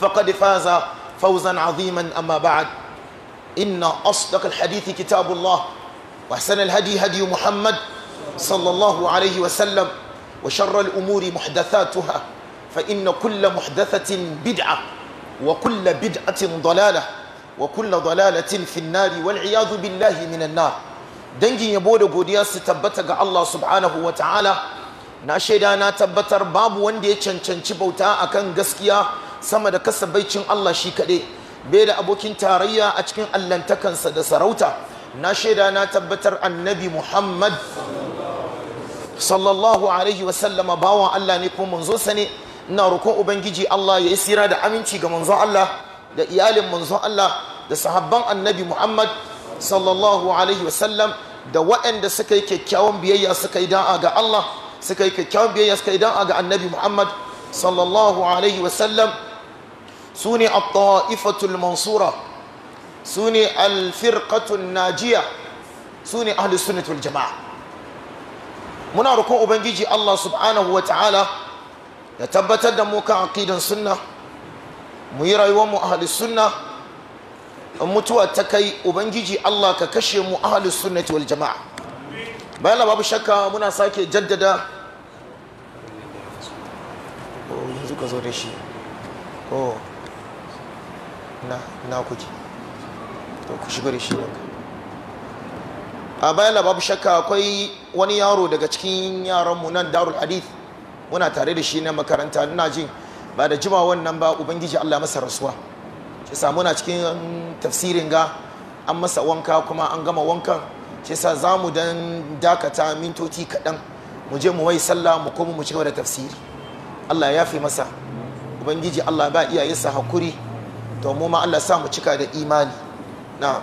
فقد فاز فوزا عظيما أما بعد إن أصدق الحديث كتاب الله وأحسن الهدي هدي محمد صلى الله عليه وسلم وشر الأمور محدثاتها فإن كل محدثة بدعة وكل بدعة ضلالة وكل ضلالة في النار والعياذ بالله من النار dangin yabo da godiya su tabbata ga Allah subhanahu wa ta'ala na shaida na tabbatar babu wanda ya cancanci bauta akan gaskiya sama da kasa baicin Allah shi kaɗai bai da abokin tarayya a cikin allantakansa da sarauta na shaida na tabbatar annabi Muhammad sallallahu alaihi wasallama bawan Allah ne kuma manzo sa ne ina roƙon ubangiji Allah ya yi sira da aminci ga manzo Allah da iyalin manzo Allah da sahabban annabi Muhammad sallallahu alaihi wasallam da waɗanda suka yi kyakkyawan biyayya suka yi da'a ga Allah suka yi kyakkyawan biyayya suka yi da'a ga annabi Muhammad sallallahu alaihi wasallam su ne al-ta'ifatul mansura su ne al-firqatul najiya su ne ahlus jama'a muna rukun ubangiji Allah subhanahu wa ta'ala ya tabbatar da mu kan aqidan sunna mu yi rayuwar mu ahli sunna in mutuwa ta kai ubangiji Allah ka kashe mu ahli sunnati wal jama'a bayan babu shakka muna sake jaddada oh, yanzu ka zo da shi oh na na kuke to ku shigar shi a bayan babu shakka akwai wani yaro daga cikin yaranmu nan darul hadith muna tare da shi na makaranta ina jin ba da jima wannan ba ubangiji Allah masa rasuwa shi sa muna cikin tafsirin ga an masa wanka kuma an gama wankan shi sa za mu dan dakata mintoci kaɗan mu je mu wai sallah mu koma mu ci gaba da tafsiri Allah ya fi masa ubangiji Allah ba iyayensa hakuri domin ma Allah sa mu cika da imani na'am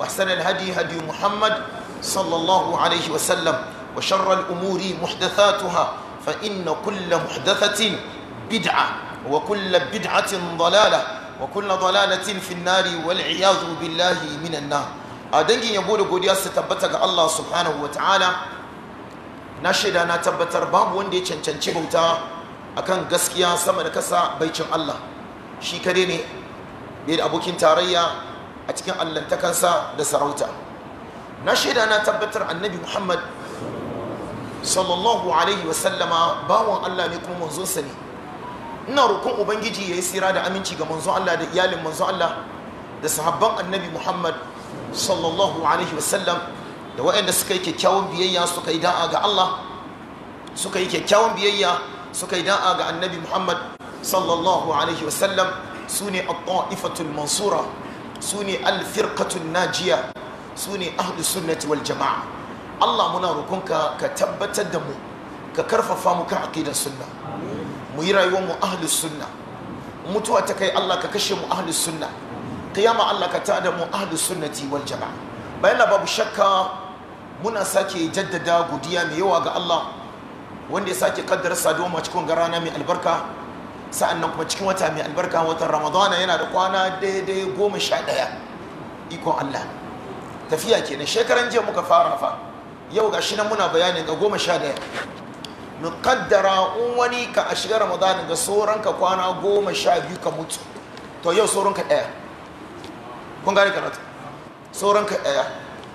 وأحسن الهدي هدي محمد صلى الله عليه وسلم وشر الأمور محدثاتها فإن كل محدثة بدعة وكل بدعة ضلالة وكل ضلالة في النار والعياذ بالله من النار أدنجي يقول قد ستبتك الله سبحانه وتعالى نشد أنا تبتر باب وندي چنچنچي بوتا أكان قسكيا سمن كسا بيچن الله شي كريني بير أبوكين تاريا a cikin allantakansa da sarauta na shaida na tabbatar annabi muhammad sallallahu alaihi wasallama bawan allah ne kuma manzonsa ne ina roƙon ubangiji ya yi sira da aminci ga manzon allah da iyalin manzon allah da sahabban annabi muhammad sallallahu alaihi wasallam da waɗanda suka yi kyakkyawan biyayya suka yi da'a ga allah suka yi kyakkyawan biyayya suka yi da'a ga annabi muhammad sallallahu alaihi wasallam su ne a ta'ifatul mansura su ne alfirkatun najiya su ne ahudu sunnati wal jama'a Allah muna rukunka ka tabbatar da mu ka karfafa mu kan aqidar sunna mu yi rayuwar mu ahlus sunna mutuwa ta kai Allah ka kashe mu ahlus sunna qiyama Allah ka da mu ahlus sunnati wal jama'a bayan babu shakka muna sake jaddada godiya mai yawa ga Allah wanda ya sake kaddara saduwa cikin garana mai albarka sa'annan kuma cikin wata mai albarka watan ramadana yana da kwana daidai goma sha ɗaya ikon allah tafiya kenan shekaran jiya muka fara fa yau ga shi nan muna bayanin ga goma sha ɗaya kaddara in wani ka a shiga ramadana ga sauran ka kwana goma sha biyu ka mutu to yau sauran ka ɗaya kun gane karatu sauran ka ɗaya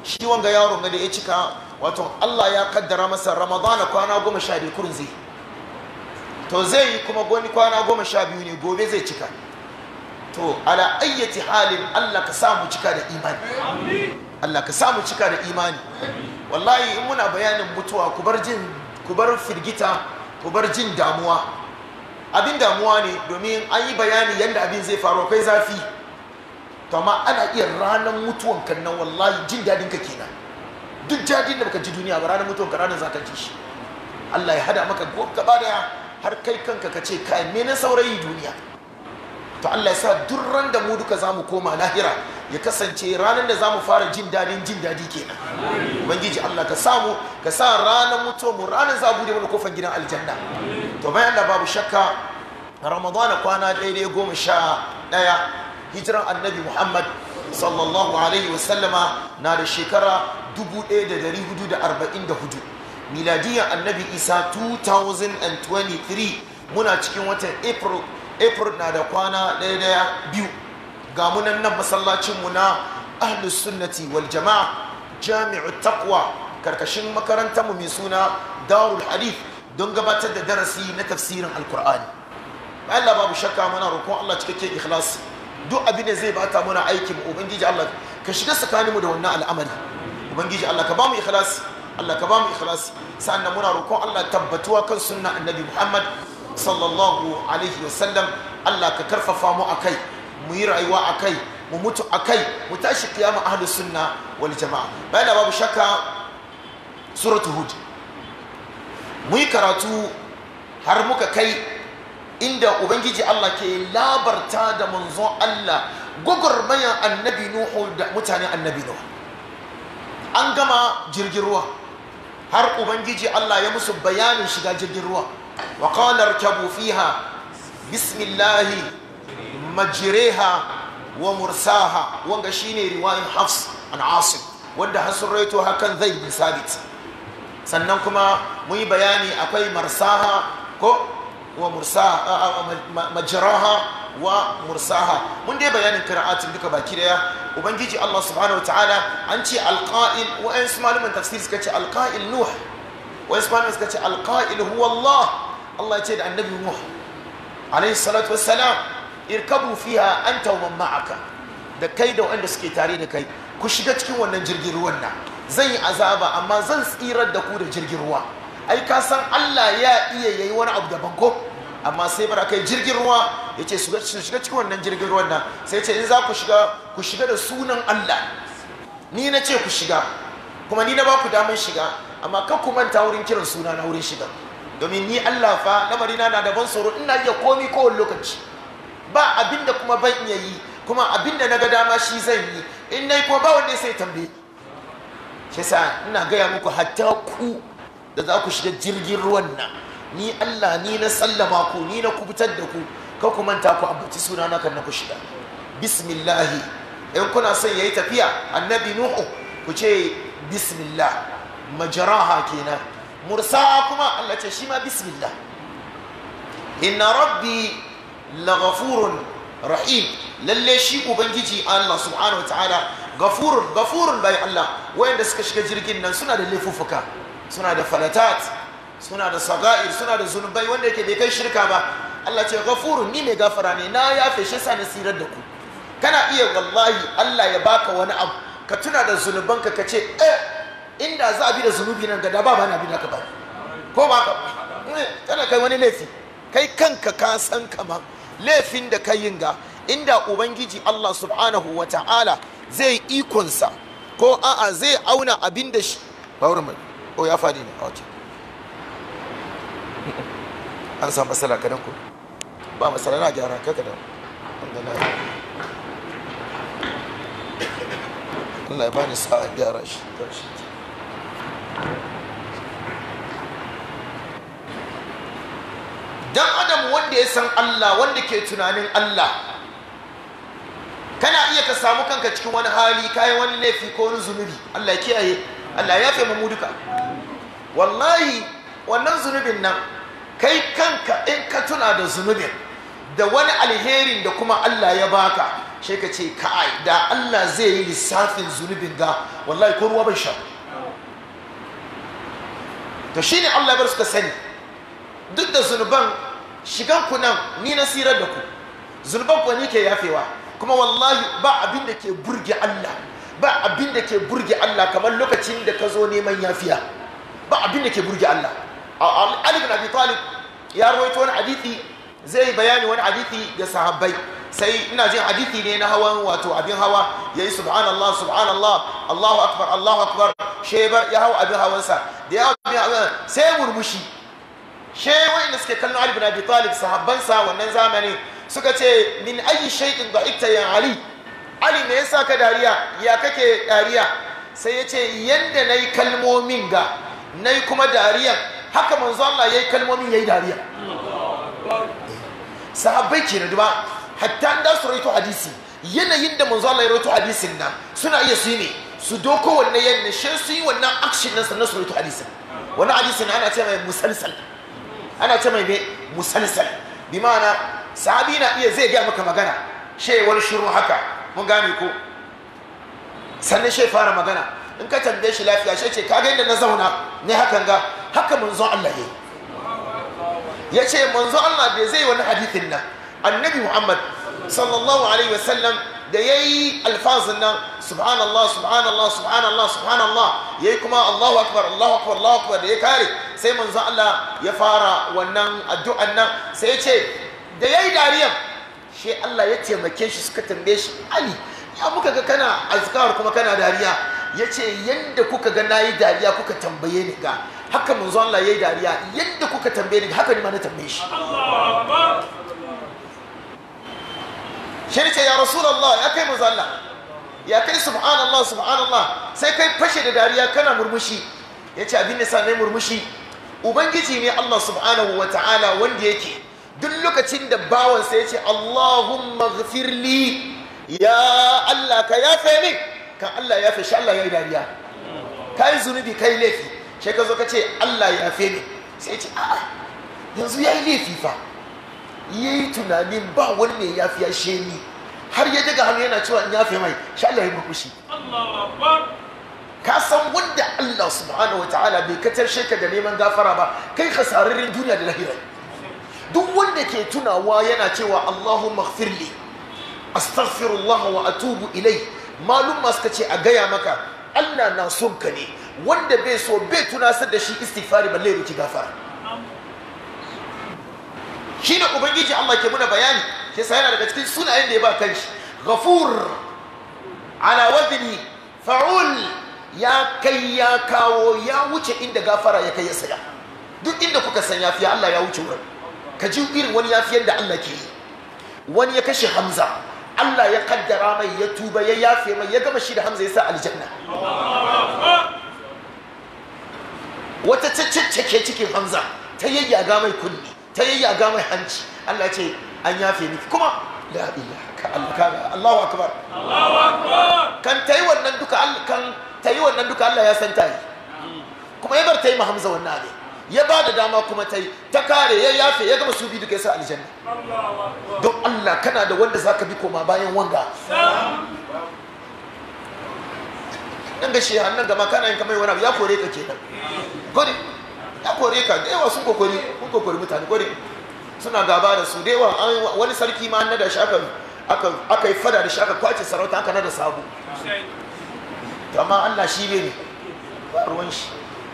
shi wanga yaron ga da ya cika wato allah ya kaddara masa ramadana kwana goma sha biyu kurin zai to zai yi kuma goni kwana goma sha biyu ne gobe zai cika to ala ayyati halin Allah ka samu cika da imani Allah ka samu cika da imani wallahi in muna bayanin mutuwa ku bar firgita ku jin damuwa abin damuwa ne domin an yi bayani yadda abin zai faru kai zafi to amma ana iya ranar mutuwan kan nan wallahi jin dadin ka kenan duk jadin da baka ji duniya ba ranar mutuwan ka ranar zaka ji shi Allah ya hada maka gobe gaba daya har kai kanka ka ce kai me na saurayi duniya to Allah ya sa duk da mu duka zamu koma lahira ya kasance ranar da zamu fara jin dadin jin dadi kenan ubangiji Allah ka samu ka sa ranar mutuwa mu ranar za bude mana kofar gidan aljanna to bayan da babu shakka ramadan kwana daidai goma sha daya hijiran annabi muhammad sallallahu alaihi wasallama na da shekara hudu. miladiyan annabi isa 2023 muna cikin watan april april na da kwana ɗaya daya biyu ga munan nan masallacinmu na ahlus sunnati wal jama'a jami'u taqwa karkashin makarantarmu mai suna darul hadith don gabatar da darasi na tafsirin alkur'ani Allah babu shakka muna roƙon Allah cikakken ikhlasi duk abin da zai bata muna aikin ubangiji Allah ka shiga tsakaninmu da wannan al'amari ubangiji Allah ka ba mu Allah ka ba mu ikhlasi sa'annan muna roƙon Allah tabbatuwa kan sunna annabi Muhammad sallallahu alaihi wasallam Allah ka karfafa mu akai mu yi rayuwa akai mu mutu akai mu tashi kiyama ahlus sunna wal jama'a bayan babu shakka suratu hud mu yi karatu har muka kai inda ubangiji Allah ke labarta da manzon Allah gwagwarmayan annabi nuhu da mutanen annabi nuhu an gama jirgin ruwa har ubangiji Allah ya musu bayanin shiga jirgin ruwa wa qala irkabu fiha bismillah majriha wa mursaha wanga shine riwayin Hafs an Asim wanda hasun hakan zai bin sabit sannan kuma mun yi bayani akwai marsaha ko wa mursaha majraha wa mursaha mun dai bayanin qira'atin duka baki daya ubangiji Allah subhanahu wataala an ce alqa'il wa ayin malaman tafsir suka ce alqa'il nuh wa malaman suka ce alqa'il huwa Allah Allah ce da annabi nuh alayhi salatu wassalam irkabu fiha anta wa man ma'aka da kai da wanda suke tare da kai ku shiga cikin wannan jirgin ruwan nan zan yi azaba amma zan tsirar da ku da jirgin ruwa ai ka san Allah ya iya yayi wani abu daban ko amma sai bar kai jirgin ruwa yace su shiga cikin wannan jirgin ruwan nan sai ce in za ku shiga ku shiga da sunan Allah ni na ce ku shiga kuma ni na ba ku damar shiga amma kar ku manta wurin kiran suna na wurin shiga domin ni Allah fa lamari na da ban tsoro ina iya komi kowane lokaci ba abinda kuma ban iya yi kuma abinda na ga dama shi zan yi in nayi kuma ba wanda sai tambaye shi sa ina gaya muku hatta ku da za ku shiga jirgin ruwan nan ni Allah ni na sallama ku ni na kubutar da ku ka ku manta ku ambaci sunana kan na ku shiga bismillahi in kuna son yayi tafiya annabi nuhu ku ce bismillah majaraha kenan mursa kuma Allah ce shi ma bismillah inna rabbi laghafurun rahim lalle shi ubangiji Allah subhanahu wataala gafurun gafurun bai Allah wayanda suka shiga jirgin nan suna da laifuffuka suna da falatat suna da saga'ir suna da zunubai wanda yake bai kai shirka ba Allah ce gafuru ni mai gafara ne na yafe shi sani na sirar da ku kana iya wallahi Allah ya baka wani abu ka tuna da zunuban ka ce eh inda za a bi da zunubi nan gada ba ba bana bi da ba ko ba ka eh, kana kai wani laifi kai kanka ka san kamar laifin da kai yin ga inda ubangiji Allah subhanahu wa ta'ala zai ikonsa ko a'a zai auna abin da shi bawar o oh, ya fadi ne oh, a wajen an samu matsala kadan ku ba matsala na gyara ka kadan Allah ya ni sa'a gyara shi dan adam wanda ya san Allah wanda ke tunanin Allah kana iya ka samu kanka cikin wani hali kai wani laifi ko wani zunubi Allah ya kiyaye Allah ya fi mu duka wallahi wannan zunubin nan kai kanka in ka tuna da zunubin da wani alherin da kuma Allah ya baka sai ka ce kai da Allah zai yi lissafin zunubin ga wallahi ko ruwa ban sha to shine Allah ya bar ka sani duk da zunuban shigan ku nan ni na sirar da ku zunuban ku ne ke yafewa kuma wallahi ba abin da ke burge Allah ba abin da ke burge Allah kamar lokacin da ka zo neman yafiya ba abin da ke burge Allah Ali bin Abi Talib ya rawaito wani hadisi zai bayani wani hadisi ga sahabbai sai ina jin hadisi ne na hawan wato abin hawa yayi subhanallah subhanallah Allahu akbar Allahu akbar shebar ya hawa abin hawansa da ya abin hawan sai murmushi she wanda suke kallon Ali bin Abi Talib sahabban sa wannan zamani. suka ce min ayi da ita ya Ali Ali me yasa ka dariya ya kake dariya sai ya ce yanda nayi kalmomin ga nayi kuma dariyan haka manzo Allah yayi kalmomin yayi dariya sahabbai ke da duba hatta da su rawaito hadisi yanayin da manzo Allah ya rawaito hadisin nan suna iya su ne su doko wannan yanda shi su yi wannan action nan sannan su rawaito hadisin wannan hadisin ana ce mai musalsal ana ce mai me musalsal bi ma'ana sahabi na iya zai ga maka magana She wani shiru haka mun gane ko sannan shai fara magana in ka tambaye shi lafiya shai ce kaga inda na zauna ne hakan ga haka manzo Allah ya ya ce manzo Allah bai zai wani hadithin nan annabi Muhammad sallallahu alaihi wasallam da ya yi alfazin nan subhanallah subhanallah subhanallah subhanallah ya yi kuma allahu akbar allahu akbar allahu akbar da ya kare sai manzo Allah ya fara wannan addu'an nan sai ya ce da ya yi dariyan shi Allah ya taimake shi suka tambaye shi ali ya muka ga kana azkar kuma kana dariya ya ce yadda kuka ga na yi dariya kuka tambaye ni ga haka manzo Allah yayi dariya yadda kuka tambaye ni haka ni ma na tambaye shi shi ya rasulullah ya kai manzo ya kai subhanallah subhanallah sai kai fashe da dariya kana murmushi ya ce abin da sa murmushi ubangiji ne Allah subhanahu wa ta'ala wanda yake duk lokacin da bawansa ya ce Allahumma gfirli ya Allah ka yafe ni Ka Allah yafe shi Allah ya dariya ka zunubi kai yi laifi sai ka zo ka ce Allah ya yafe ni sai ce a'a yanzu ya yi laifi fa yi tunanin ba wani ne ya she ni har ya daga hannu yana cewa in fi mai sha Allah ya murkushi ka san wanda Allah subhanahu wa ta'ala bai katar ka da neman gafara ba kai khasararren duniya da lahira duk wanda ke tunawa yana cewa Allahu ighfirli astaghfirullah wa atubu ilai malum ma suka ce a gaya maka Allah na son ka ne wanda bai so bai tunasar da shi istighfari balle ya roki gafara shine ubangiji Allah ke muna bayani shi sai yana daga cikin sunayen da ya ba kanshi ghafur ala wazni fa'ul ya kai ya kawo ya wuce inda gafara ya kai ya saya duk inda kuka san yafiya Allah ya wuce wurin ka ji irin wani yafiyar da Allah ke wani ya kashe Hamza Allah ya kaddara mai ya tuba ya yafe mai ya gama shi da Hamza ya sa aljanna wata ta ciccike cikin hamza ta ga mai kunni ta ga mai hanci Allah ce an yafe miki kuma la ilaha ka Allah ka Allahu akbar Allahu akbar kan tayi wannan duka Allah kan tayi wannan duka Allah ya san ta yi kuma ya bar tayi hamza wannan abin ya ba da dama kuma ta yi ta kare ya yafe ya gama su bi duka sa aljanna don Allah kana da wanda zaka bi koma bayan wanga dan ga shi hannun gama kana yin kamar wani abu ya kore ka kenan kore ya kore ka da yawa sun kokori kun kokori mutane kore suna gaba da su da yawa wani sarki ma an da shi aka aka yi fada da shi aka kwace sarauta aka da sabo to amma Allah shi bai ne ba ruwan shi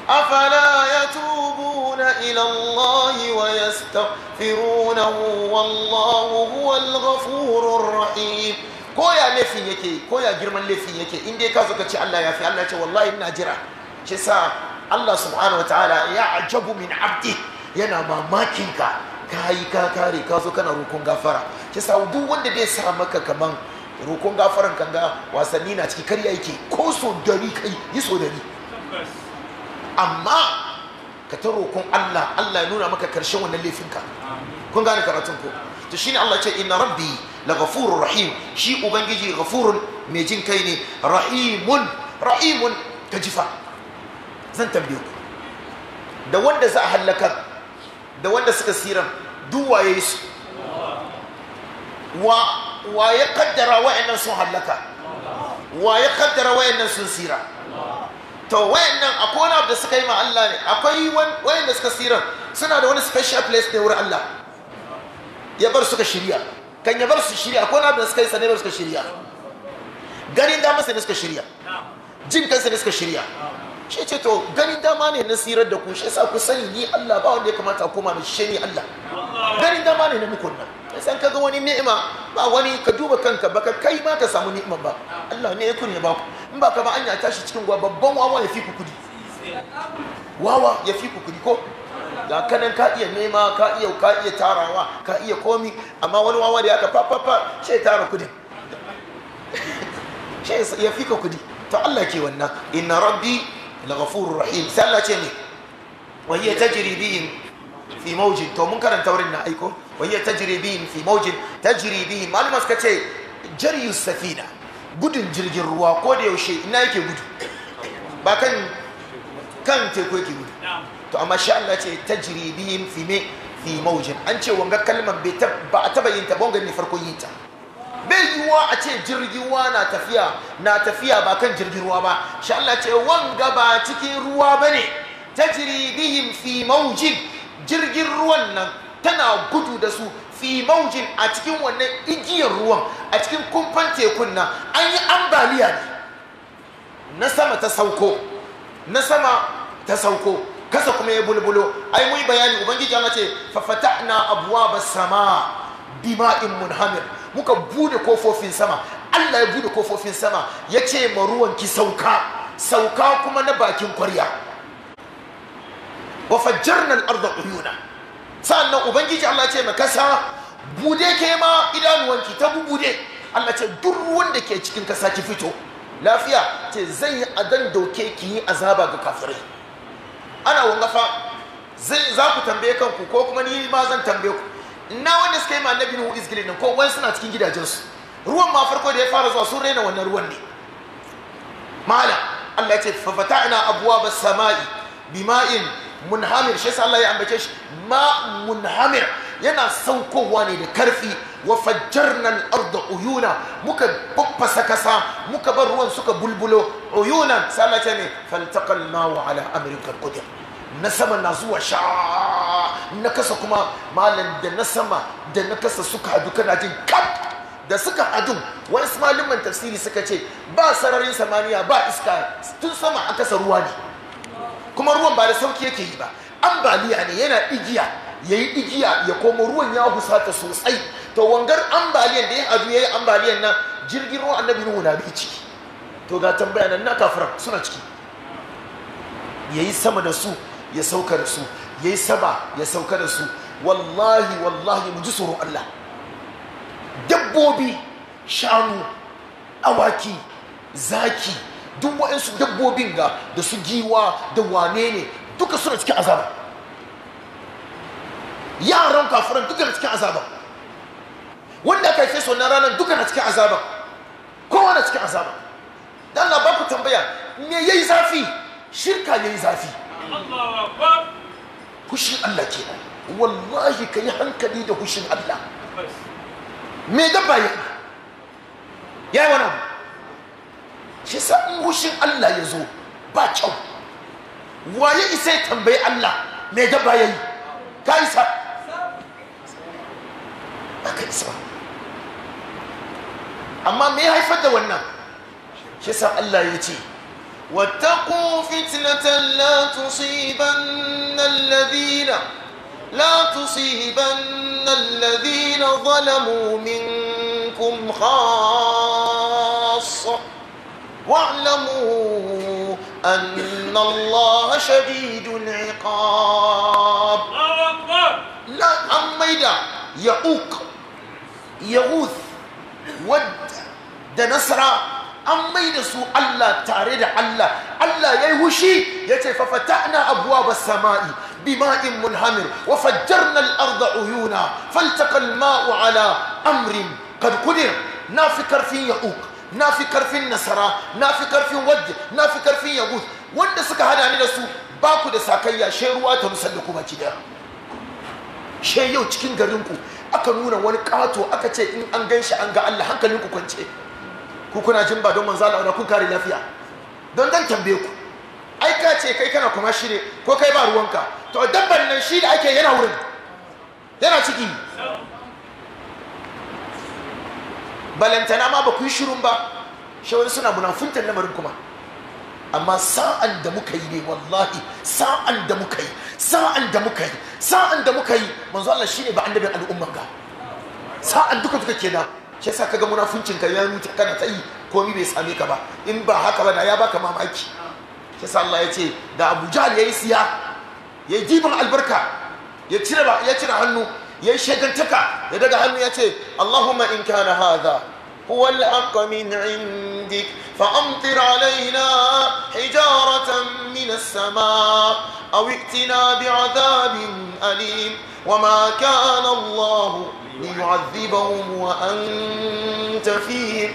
afala yatubuna ila Allah wa yastaghfirunahu wallahu huwal ghafurur rahim ko ya laifin yake ko ya girman laifin yake in dai ka zo ka ce Allah ya fi Allah ce wallahi ina jira shi sa Allah subhanahu ta'ala ya ajabu min abdi yana mamakin ka ka yi ka kare ka zo kana rukun gafara shi sa duk wanda zai sa maka kaman rukun gafaran kanga, wasanni na ciki karya yake ko so dari kai yi so dari amma ka ta rokon Allah Allah ya nuna maka karshen wannan laifin ka. kun gane karatun ko to shine Allah ce inna rabbi la ghafurur rahim shi ubangiji ghafurun mai jin kai ne rahimun rahimun kajifa jifa zan tambaye ku da wanda za a hallaka da wanda suka siran duk waye su wa wa ya kaddara wa'annan sun hallaka wa ya kaddara wa'annan sun sira to wayannan akwai wani abu da suka yi ma Allah ne akwai wayanda suka siran suna da wani special place ne wurin Allah ya bar suka shirya kan ya bar su shirya ko na da suka yi sa ne bar suka shirya ganin masa sai suka shirya jin kansa ne suka shirya shi ce to ganin ma ne na sirar da ku shi yasa ku sani ni Allah ba wanda ya kamata ku ma shi ne Allah ganin ma ne na mukun nan san kaga wani ni'ima ba wani ka duba kanka baka kai ma ka samu ni'ima ba Allah ne ya kunya ba ku in ba ka ba anya tashi cikin gwa babban wawa ya fi ku kudi wawa ya fi ku kudi ko ga kanan ka iya nema ka iya ka iya tarawa ka iya komi amma wani wawa da ya ka fafafa shi tara kudi shi ya fika kudi to Allah ke wannan inna rabbi laghafurur rahim sai Allah ce ne wa hiya tajri bihim fi mawjin to mun karanta wurin na aiko wa hiya tajri bihim fi mawjin tajri bihim malama suka ce jariyus safina gudun jirgin ruwa ko da yaushe ina yake gudu ba kan kan teku yake gudu to amma shi Allah ce tajri bihim fi me fi maujin an ce wanga kalmar ba a taba yin ta ba wanga ne farko yin ta bai yiwuwa a ce jirgin ruwa na tafiya na tafiya ba kan jirgin ruwa ba shi Allah ce wanga ba cikin ruwa ba tajri bihim fi maujin jirgin ruwan nan tana gudu da su fi maujin a cikin wannan igiyar ruwan a cikin kumfan tekun nan an yi ambaliya ne na sama ta sauko na sama ta sauko kasa kuma ya bulbulo ai mu bayani ubangiji Allah ce fa fatahna abwaba sama bima'in munhamir muka bude kofofin sama Allah ya bude kofofin sama ya ce ma ruwan ki sauka sauka kuma na bakin kwarya wa fajjarna al-ardha uyuna sannan ubangiji Allah ce ma kasa bude ke ma idanuwanki ta bude Allah ce duk ruwan da ke cikin kasa ki fito lafiya ce zai yi adan doke ki yi azaba ga kafirai ana wanga fa za ku tambaye kanku ko kuma ni ma zan tambaye ku na wanda suka yi ma annabi nuhu izgilin nan ko wani suna cikin gidajensu ruwan ma farko da ya fara zuwa sun raina wannan ruwan ne mala Allah ya ce fa fata'na abwaba samai bima'in munhamir shi Allah ya ambace shi ma munhamir yana saukowa ne da karfi wa fajjarna al-ardu uyuna muka babbasa kasa muka bar ruwan suka bulbulo oyuna salata ne faltaqal ma'u ala amrin qadir na sama na zuwa sha na kasa kuma malam da na sama da na kasa suka hadu kana jin kap da suka hadu wani malaman tafsiri suka ce ba sararin samaniya ba iska tun sama aka sa ruwa ne kuma ruwan ba da sauki yake yi ba ambaliya ne yana igiya ya yi igiya ya komo ruwan ya husata sosai to wangar ambaliyan da ya abu ya yi ambaliyan na jirgin ruwan annabi nuhu na biyu ciki to ga tambaya nan na kafiran suna ciki ya yi sama da su ya sauka da su ya yi sama ya sauka da su wallahi wallahi mu ji tsoron Allah dabbobi shanu awaki zaki duk wayansu dabbobin ga da su giwa da wane ne duka suna cikin azaba yaran kafiran duka na cikin azaban wanda ka haife su ranar duka na cikin azaban kowa na cikin azaban dan na ku tambaya me yayi zafi shirka yayi zafi hushin Allah ke wallahi ka yi hankali da hushin Allah me dabba ya ya yi wani abu shi sa in hushin Allah ya zo ba kyau waye isa ya tambayi Allah me dabba ya yi ka isa ba ka isa ba amma me ya haifar da واتقوا فتنة لا تصيبن الذين لا تصيبن الذين ظلموا منكم خاصة واعلموا أن الله شديد العقاب لا أميدا يؤك yahuth da nasara an mai da su Allah tare da Allah Allah ya yi hushi ya ce fafata'na abuwa ba sama'i bima'in mulhamir wa fajjarna al'arda uyuna faltakal ma'u ala amrin kadkudir na fi karfin Yahud na fi karfin nasara na fi karfin wadda na fi karfin ya'uk wanda suka hada ni da su baku da sakayya she ruwa ta musalla kuma ki daya she yau cikin garinku aka nuna wani kato aka ce in an gan shi an ga Allah hankalin ku kwance ku kuna jin ba don manzo Allah kun kare lafiya don dan tambaye ku ai ka ce kai kana kuma shi ko kai ba ruwanka to dabban nan shi da ake yana wurin yana ciki balantana ma ba ku yi shirun ba shawarar suna munafuntar lamarin kuma amma sa'an da muka yi ne wallahi sa'an da muka yi sa'an da muka yi sa'an da muka yi manzo Allah shi ne ba annabin al'umma ga sa'an duka duka kenan shi yasa kaga munafuncin ka ya mutu kana tsayi komi bai same ka ba in ba haka ba da ya baka mamaki shi yasa Allah ya ce da Abu Jahl yayi siya yayi jibin albarka ya cire ya cire hannu yayi shegantaka ya daga hannu ya ce Allahumma in kana hadha هو الحق من عندك فأمطر علينا حجارة من السماء أو ائتنا بعذاب أليم وما كان الله ليعذبهم وأنت فيهم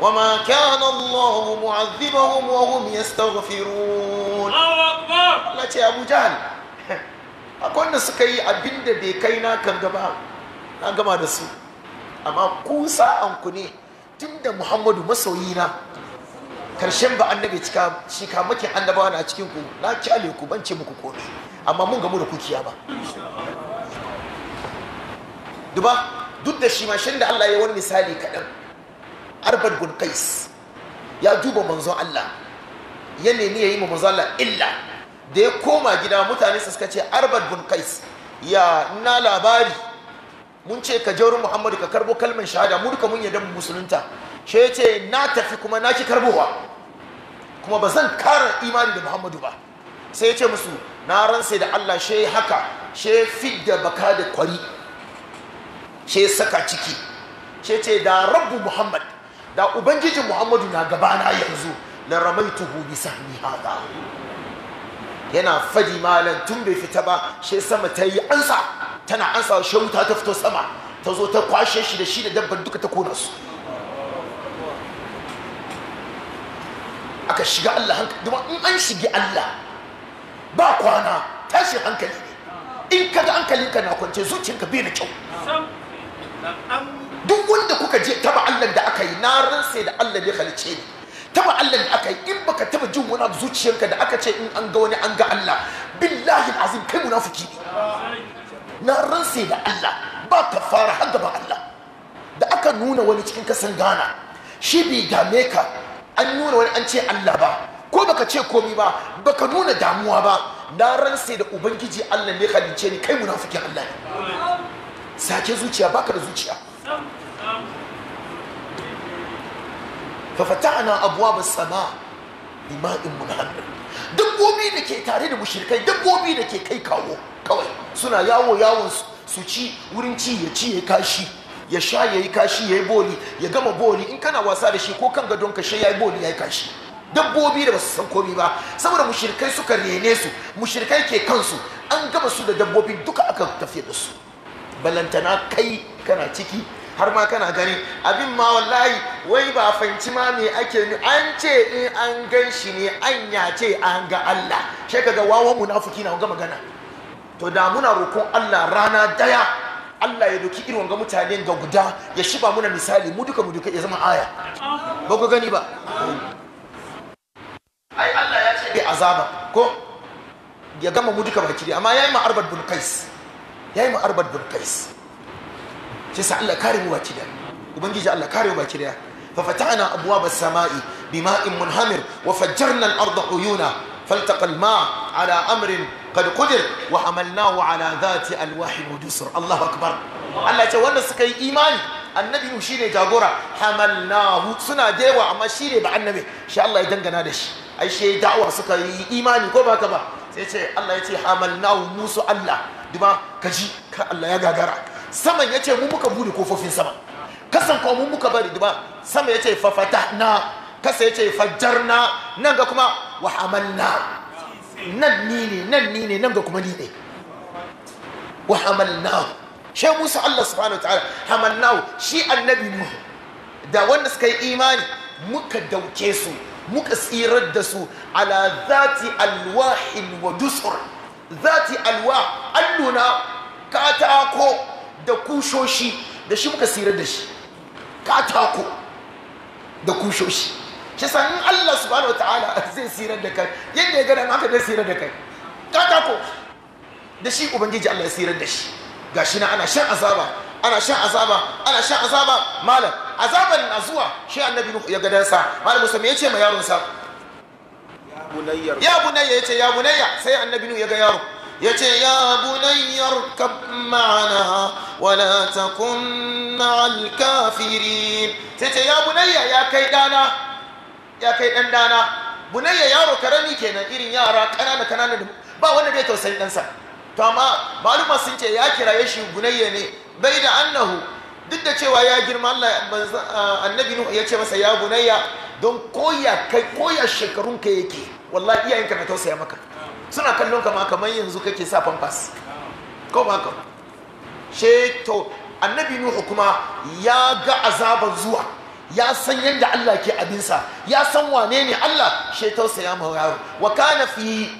وما كان الله معذبهم وهم يستغفرون الله أكبر الله يا أبو جهل أكون سكي أبند بكينا كم جبال أنا جمع رسول amma ku ku ne tunda muhammadu masoyina karshen ba annabi cika shi ka maki annabawa na cikin ku na kyale ku ban ce muku komai amma mun gamu da kukiya ba duba duk da shi ma da Allah ya wani misali kaɗan arbad bin ya duba manzon Allah ya nemi ya yi ma maza Allah illa da ya koma gida mutane suka ce arbad bin qais ya na labari mun ce ka jaurin muhammadu ka karbo kalmar shahada mu duka mun yadda mu musulunta shi ya ce na tafi kuma na ki karbowa kuma ba zan kara imani da muhammadu ba sai ya ce musu na ransa da allah shi haka shi fidda baka da kwari shi saka ciki shi ce da rabbu muhammad da ubangijin muhammadu na gabana yanzu Na ramaitu hu bisa ni hada yana fadi malam tun bai fita ba shi sama ta yi ansa tana ansa shi wuta ta fito sama ta zo ta kwashe shi da shi da dabbar duka ta kona su aka shiga Allah hankali in an shige Allah ba kwana tashi hankali ne in kaga hankalinka na kwance zuciyarka bai da kyau duk wanda kuka je taba Allah da aka yi na ransa da Allah ne halice ni taba Allah ne aka yi in baka taba jin wani abu zuciyarka da aka ce in an ga wani an ga Allah billahi azim kai munafiki ne na ransa da Allah ba ka fara har gaba Allah da aka nuna wani cikin kasan Ghana shi bai dame ka an nuna wani an ce Allah ba ko baka ce komi ba baka nuna damuwa ba na ransa da ubangiji Allah ne halice ni kai munafiki Allah ne sake zuciya baka da zuciya abuwa fata'na abwab as-sama na hannu. dabbobi da ke tare da mushrikai dabbobi da ke kai kawo kawai suna yawo yawon su ci wurin ci ya ci ya kashi ya sha ya yi kashi ya yi boli ya gama boli in kana wasa da shi ko kan gadon kashe ya yi boli ya yi kashi dabbobi da basu san komi ba saboda mushrikai suka rene su mushrikai ke kansu an gama su da dabbobi duka aka tafiya da su balantana kai kana ciki har ma kana gani abin ma wallahi wai ba fahimci ma me ake ni an ce in an gan shi ne an ya ce an ga Allah sai kaga wawa munafiki na ga magana to da muna roƙon Allah rana daya Allah ya doki irin ga mutanen ga guda ya shiba muna misali mu duka mu duka ya zama aya ba ku gani ba ai Allah ya ce bi azaba ko ya gama mu duka baki amma yayi ma arbad bin qais yayi ma arbad bin qais shi sa Allah kare mu baki da ubangiji Allah kare mu baki daya fa fata'na abwaba samai bima'in munhamir wa fajjarna al-ardha uyuna فالتقى الماء على امر قد wa وحملناه على ذات الواح ودسر الله اكبر Allah ce wanda suka yi imani annabi mu shine jagora hamalnahu suna dewa amma shine ba annabi shi Allah ya dangana da shi ai shi suka yi imani ko ba ka ba sai ce Allah ya ce hamalnahu musu Allah duba kaji ka Allah ya gagara saman ya ce mu muka bude kofofin sama kasan kuma mu muka bari duba sama ya ce fafata na kasa ya ce fajar na nan ga kuma wa hamalna nan ni ne nan ni ne nan ga kuma ni ne wa hamalna shi musa allah subhanahu ta'ala hamalna shi annabi mu da wanda suka yi imani muka dauke su muka tsirar da su ala zati alwahin wa dusur zati alwa alluna katako da kushoshi da shi muka sirar da shi katako da kushoshi shi sanin Allah subhanahu wa ta'ala zai sirar da kai yadda ya gada haka zai sirar da kai katako da shi ubangiji Allah ya sirar da shi gashi na ana shan azaba ana shan azaba ana shan azaba malam azaban na zuwa shi annabi nuhu ya gadan sa malam musamman ya ce ma yaron sa ya bunayya ya bunayya ya ce ya bunayya sai annabi nuhu ya ga yaro yace ya kamana, kab ma'ana wala takun ma'al ya bunayya kai dana ya kai dan dana bunayya yaro karami kenan irin yara kanana kanana ba wanda bai tausayi ɗansa to amma sun ce ya kiraye shi bunayya ne bai da annahu duk da cewa ya girma Allah annabi Nuhu ya ce masa ya bunayya don koya kai koya shekarunka yake wallahi iyayenka na tausaya maka suna kallon kama kamar yanzu kake sa famfas ko ba ka annabi nuhu kuma ya ga azabar zuwa ya san yadda Allah ke abinsa ya san wane ne Allah Sheto tausaya ma yaro wa kana fi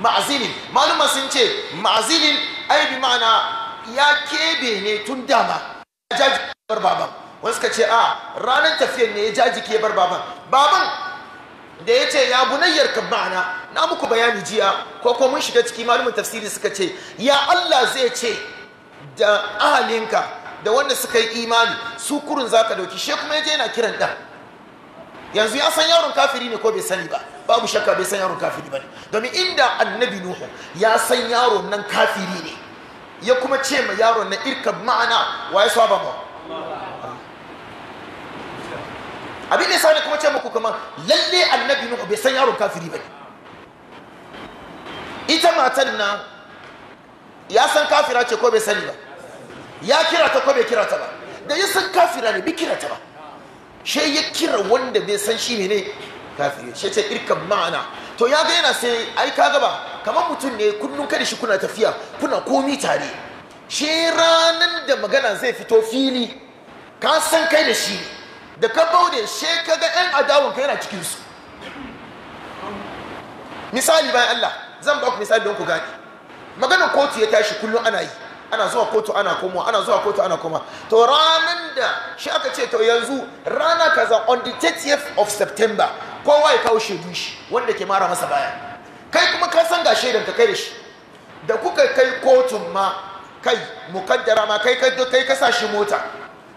ma'azilin maluma sun ce ma'azilin ai bi ma'ana ya kebe ne tun dama ya jaji bar baban wasu ka ce a ranar tafiyar ne ya jaji ke bar baban baban da ya ce ya bunayyar ma'ana, na muku bayani jiya ko kuma mun shiga ciki malumin tafsiri suka ce ya Allah zai ce da ahalinka da wanda suka yi imani su kurun za zaka dauki she kuma ya je yana kiran ɗan. yanzu ya san yaron kafiri ne ko bai sani ba babu shakka bai san yaron kafiri ba ne. domin inda annabi nuhu ya san yaron nan kafiri ne ya kuma ce ma yaron na irka ma'ana wa ya saba ba abin da sani kuma ce muku kuma lalle annabi nuhu bai san yaron kafiri ba ita matan na ya san kafira ce ko bai sani ba ya kira ta ko bai kira ta ba da ya san kafira ne bai kira ta ba shi ya kira wanda bai san shi ne kafiri shi ce irkan ma'ana to ya ga yana sai ai ka gaba kamar mutum ne kullun kada shi kuna tafiya kuna komi tare shi ranan da magana zai fito fili ka san kai da shi da ka baude shi ka ga yan ka yana cikinsu misali bayan Allah zan ba ku misali don ku gani maganar kotu ya tashi kullum ana yi ana zuwa kotu ana komowa ana zuwa kotu ana koma to ranar da shi aka ce to yanzu rana kaza on the 30th of September kowa ya kawo shaidu shi wanda ke mara masa baya kai kuma ka san ga shaidan ka kai da shi da kuka kai kotun ma kai mukaddara ma kai kai kai shi mota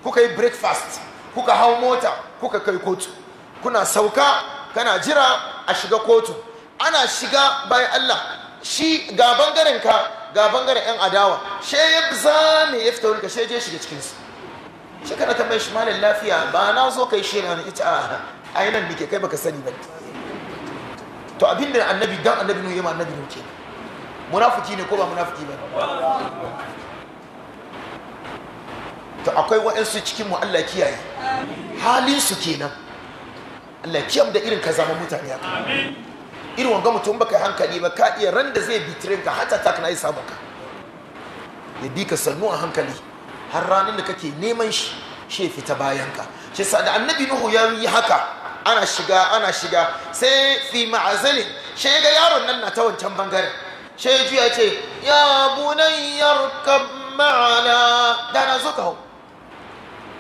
kuka yi breakfast kuka hau mota kuka kai kotu kuna sauka kana jira a shiga kotu ana shiga bayan Allah shi ga bangaren ka ga bangaren yan adawa she ya zame ya fita wulka she je shiga cikinsu shi kana ta shi malin lafiya ba na zo kai shi ne ita a ainihin ke kai baka sani ba to abinda annabi dan annabi nuhu ma annabi nuhu ke munafuki ne ko ba munafuki ba to akwai waɗansu cikin mu Allah kiyaye halin su kenan Allah kiyam da irin ka zama mutane haka irin wanga mutum baka hankali ba ka iya ran zai bitirin ka hata ta kana isa baka ya bi ka sannu a hankali har ranar da kake neman shi shi fita bayan ka shi sa da annabi nuhu ya yi haka ana shiga ana shiga sai fi ma'azali shi ga yaron nan na ta wancan bangare. shi ya juya ce ya bunayyar kab ma'ana da na zo ka hau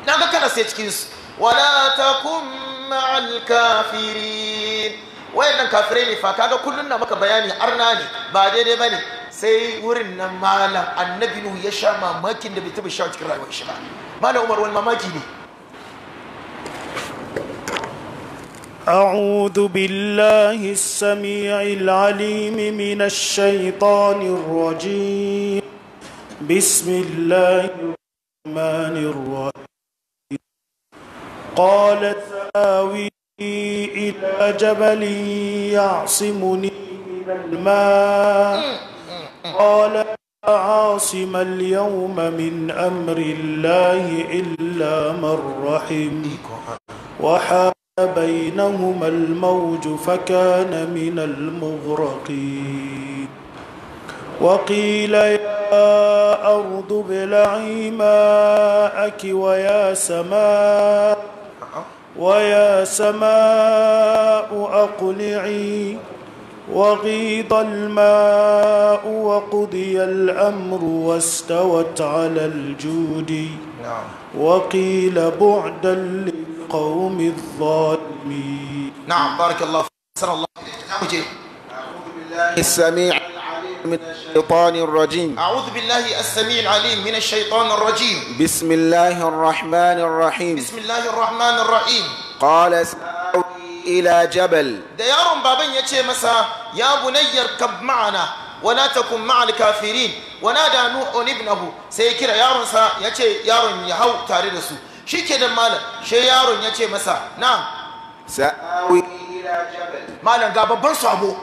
na ga kana sai cikinsu. su wala takum ma'al kafirin wayannan kafirai ne fa kaga kullun na maka bayani arna ne ba daidai bane sai wurin nan malam annabi nuhu ya sha mamakin da bai taba sha cikin rayuwar shi ba malam umar wani mamaki ne أعوذ بالله السميع العليم من الشيطان الرجيم بسم الله الرحمن الرحيم قالت آوي إلى جبل يعصمني من الماء قال عاصم اليوم من أمر الله إلا من رحم وحال بينهما الموج فكان من المغرقين وقيل يا أرض ابلعي ماءك ويا سماء ويا سماء أقلعي وغيض الماء وقضي الأمر واستوت على الجود نعم. وقيل بعدا للقوم الظالمين نعم بارك الله فيك الله أعوذ بالله السميع من الشيطان الرجيم أعوذ بالله السميع العليم من الشيطان الرجيم بسم الله الرحمن الرحيم بسم الله الرحمن الرحيم قال سأوي إلى جبل ديار بابن يتشي مسا يا بني اركب معنا ولا تكن مع الكافرين ونادى نوح ابنه سيكرا يارون سا يتشي يارون يهو تاردسو شكرا مالا شي يارون يتشي مسا نعم سأوي إلى جبل مالا قابا بنصابو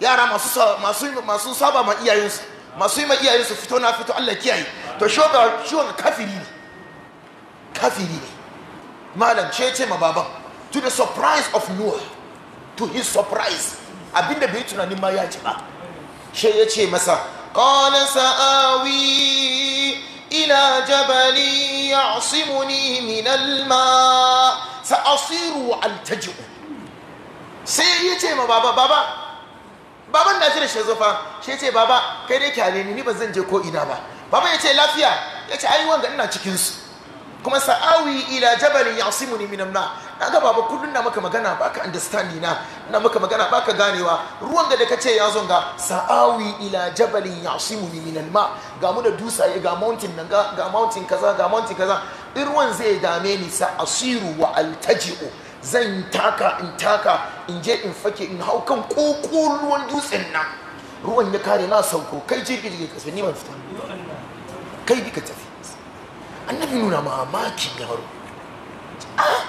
yara masu masu masu saba ma iyayensu masu yi ma iyayensu fito na fito Allah kiyaye to shoga shoga kafiri ne kafiri ne malam ce ce ma baban to the surprise of Noah to his surprise abinda bai tunanin ma ya ji ba she ya ce masa qala sa'awi ila jabali ya'simuni min al-ma sa'asiru al-taj'u sai ya ce ma baba baba baban na shi da fa shi ce baba kai dai kyale ni ni ba zan je ko ina ba baba ya ce lafiya ya ce ai wanga ina cikin su kuma sa'awi ila jabalin yasimuni minan na naga baba kullun na maka magana baka understand na na maka magana baka ganewa ruwan da ce ya zo ga sa'awi ila jabalin yasimuni minan ma ga mu da dusa ga mountain nan ga mountain kaza ga mountain kaza in ruwan zai dame ni sa asiru wa altaji'u zan taka in taka in je in fake in hau kan kokoluwan dutsen nan ruwan ya kare na sauko kai jirgi jirgi kasa ni ban fita kai bi ka tafi annabi nuna ma yaro ah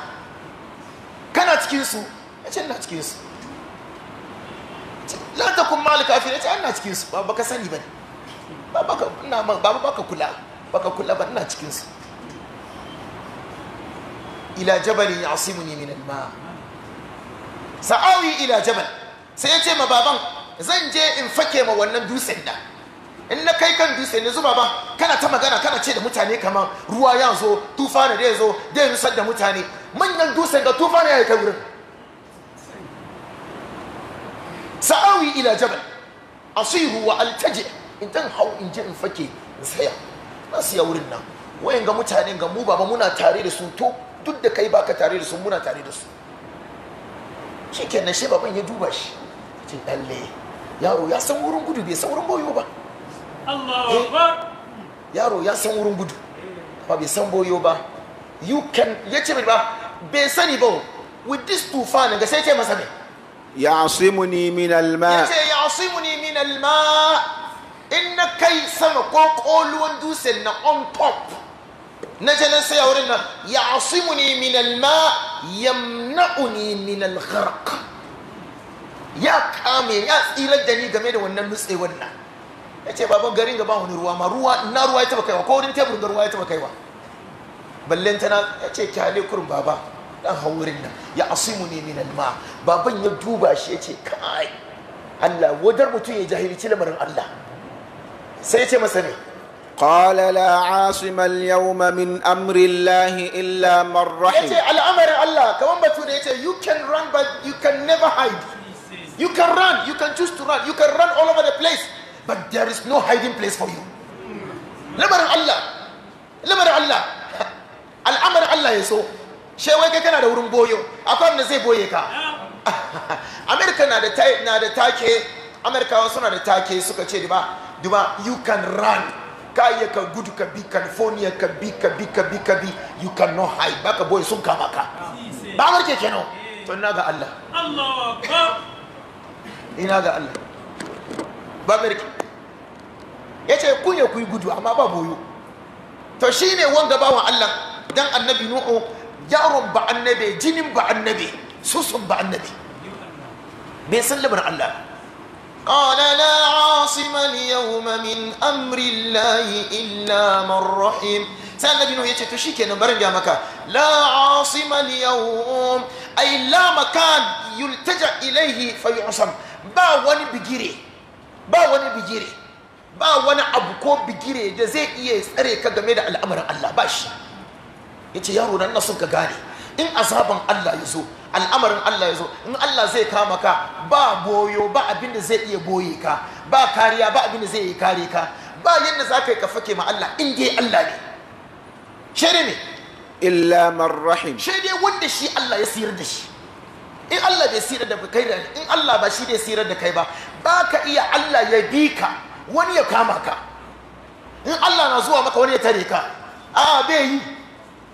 kana cikin su ya ce ina cikin su la ta kun mali kafin ya ce ina cikin su ba baka sani ba ne ba baka kula baka kula ba ina cikin su ila jabalin yasimuni min ma sa'awi ila jabal sai ya ce ma baban zan je in fake ma wannan dutsen da in na kai kan dusen ne zuba ba kana ta magana kana ce da mutane kamar ruwa ya zo tufana da ya zo da ya nusar da mutane manyan dutsen ga tufana ya kai wurin sa'awi ila jabal yi wa altaje in ta hau in je in fake in saya na siya wurin nan wayan ga mutane ga mu baba muna tare da su to duk da kai baka tare da su muna tare da su shi kenan shi baban ya duba shi ce dalle yaro ya san wurin gudu bai san wurin boyo ba eh, yaro ya san wurin gudu ba bai san boyo ba you can ya ce ba bai sani ba with this tufan ga sai ce masa ne ya asimuni min alma ya ce ya asimuni min alma in na kai sama ko koluwan dutsen na on top na je nan sai a wurin nan ya asimuni min alma ni min algharq ya kame ya tsirar da ni game da wannan nutsewar nan ya ce baban garin ba wani ruwa ma ruwa na ruwa ya taba kaiwa ko wurin teburin da ruwa ya taba kaiwa ballen tana ya ce kyale kurin baba dan haurin nan ya asimu ni min ma. baban ya duba shi ya ce kai Allah wadar mutum ya jahilci lamarin Allah sai ya ce masa ne قال لا عاصم اليوم من امر الله الا من رحم yace al'amarin Allah kaman bature you can run but you can never hide you can run you can choose to run you can run all over the place but there is no hiding place for you lamarin Allah lamarin Allah al'amarin Allah ya so she wai kai kana da wurin boyo akwai wanda zai boye ka America na da na da take Amerikawa suna da take suka ce duba duba you can run ka ka gudu ka bi california ka bi ka bi ka bi ka bi you cannot hide baka boy sun ka baka ba ke keno. to ina ga Allah ina ga Allah ba ke yace kun ya kuyi gudu amma ba boyo to shine wanga wa Allah dan annabi nu'u yaron ba annabi jinin ba annabi susun ba annabi bai san labar Allah قال لا عاصم اليوم من أمر الله إلا من رحم sai annabi nuhu yace to shikenan barin ga maka la asima al yawm ay la makan yultaja ilayhi fa ba wani bigire ba wani bigire ba wani abu ko bigire da zai iya tsare ka game da al'amarin Allah ba shi yace yaro nan na son ka gane in azaban Allah ya zo al'amarin Allah ya zo in Allah zai kama ka ba boyo ba abin da zai iya boye ka ba kariya ba abin da zai iya kare ka ba yadda za ka yi ka fake ma Allah in dai Allah ne shiri ne illa marrahim shi wanda shi Allah ya sirar da shi in Allah bai sirar da kai da in Allah ba shi dai sirar da kai ba ba ka iya Allah ya bi ka wani ya kama ka in Allah na zuwa maka wani ya tare ka a bai yi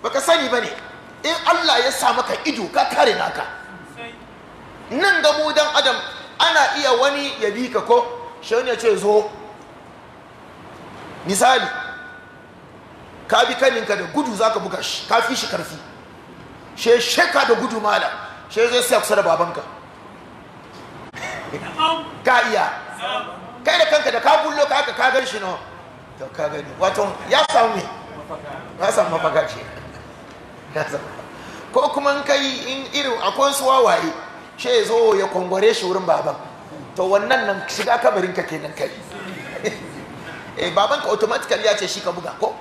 baka sani ba ne in Allah ya sa maka ido ka kare naka nan ga mu dan adam ana iya wani ya bi ka ko shi ne ya ce zo misali ka bi kaninka da gudu za ka buga shi ka fi shi karfi shi sheka da gudu mala shi zai sai kusa da babanka ka iya kai da kanka da ka bullo ka haka ka gan shi to ka gani wato ya samu ya samu mafaka ce ko kuma in kai in irin akwai su wawaye she zo ya kwangware shi wurin baban to wannan nan shiga kabarin ka kenan kai eh baban ka automatically ya ce shi ka buga ko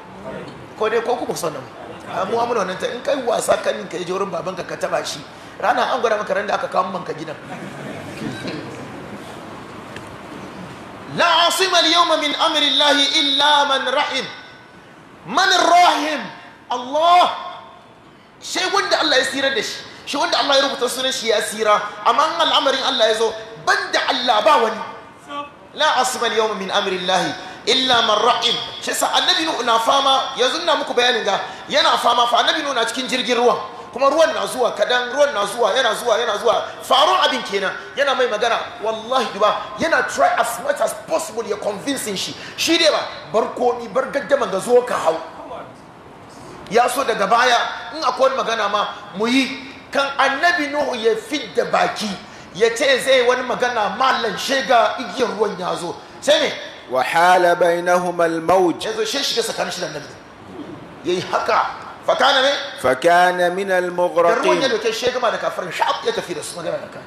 ko dai ko kuma sanin ah, mu amma wannan ta in kai wasa kanin ka je wurin baban ka ka taba shi rana an gwada maka ran da aka kawo manka gidan la عاصم اليوم من أمر الله illa man rahim man rahim allah sai wanda Allah ya sirar da shi shi wanda Allah ya rubuta sunan shi ya sira amma in al'amarin Allah ya zo banda Allah ba wani la asbal yawm min amri Allah illa man ra'im shi sa annabi nu na fama yanzu zunna muku bayanin ga yana fama fa annabi nu na cikin jirgin ruwa kuma ruwan na zuwa kadan ruwan na zuwa yana zuwa yana zuwa faron abin kenan yana mai magana wallahi duba yana try as much as possible ya convincing shi shi dai ba barko bar ga zo ka hau ya so daga baya in akwai magana ma mu yi kan annabi nuhu ya da baki ya ce zai wani magana mallan shega igiyar ruwan ya zo sai ne wa hala humal mawuj ya zo shi shiga tsakanin shi da annabi yi haka fakana ne fakana min al Da ruwan ya doke shega ma da kafirin sha'ab ya tafi da su magana da kai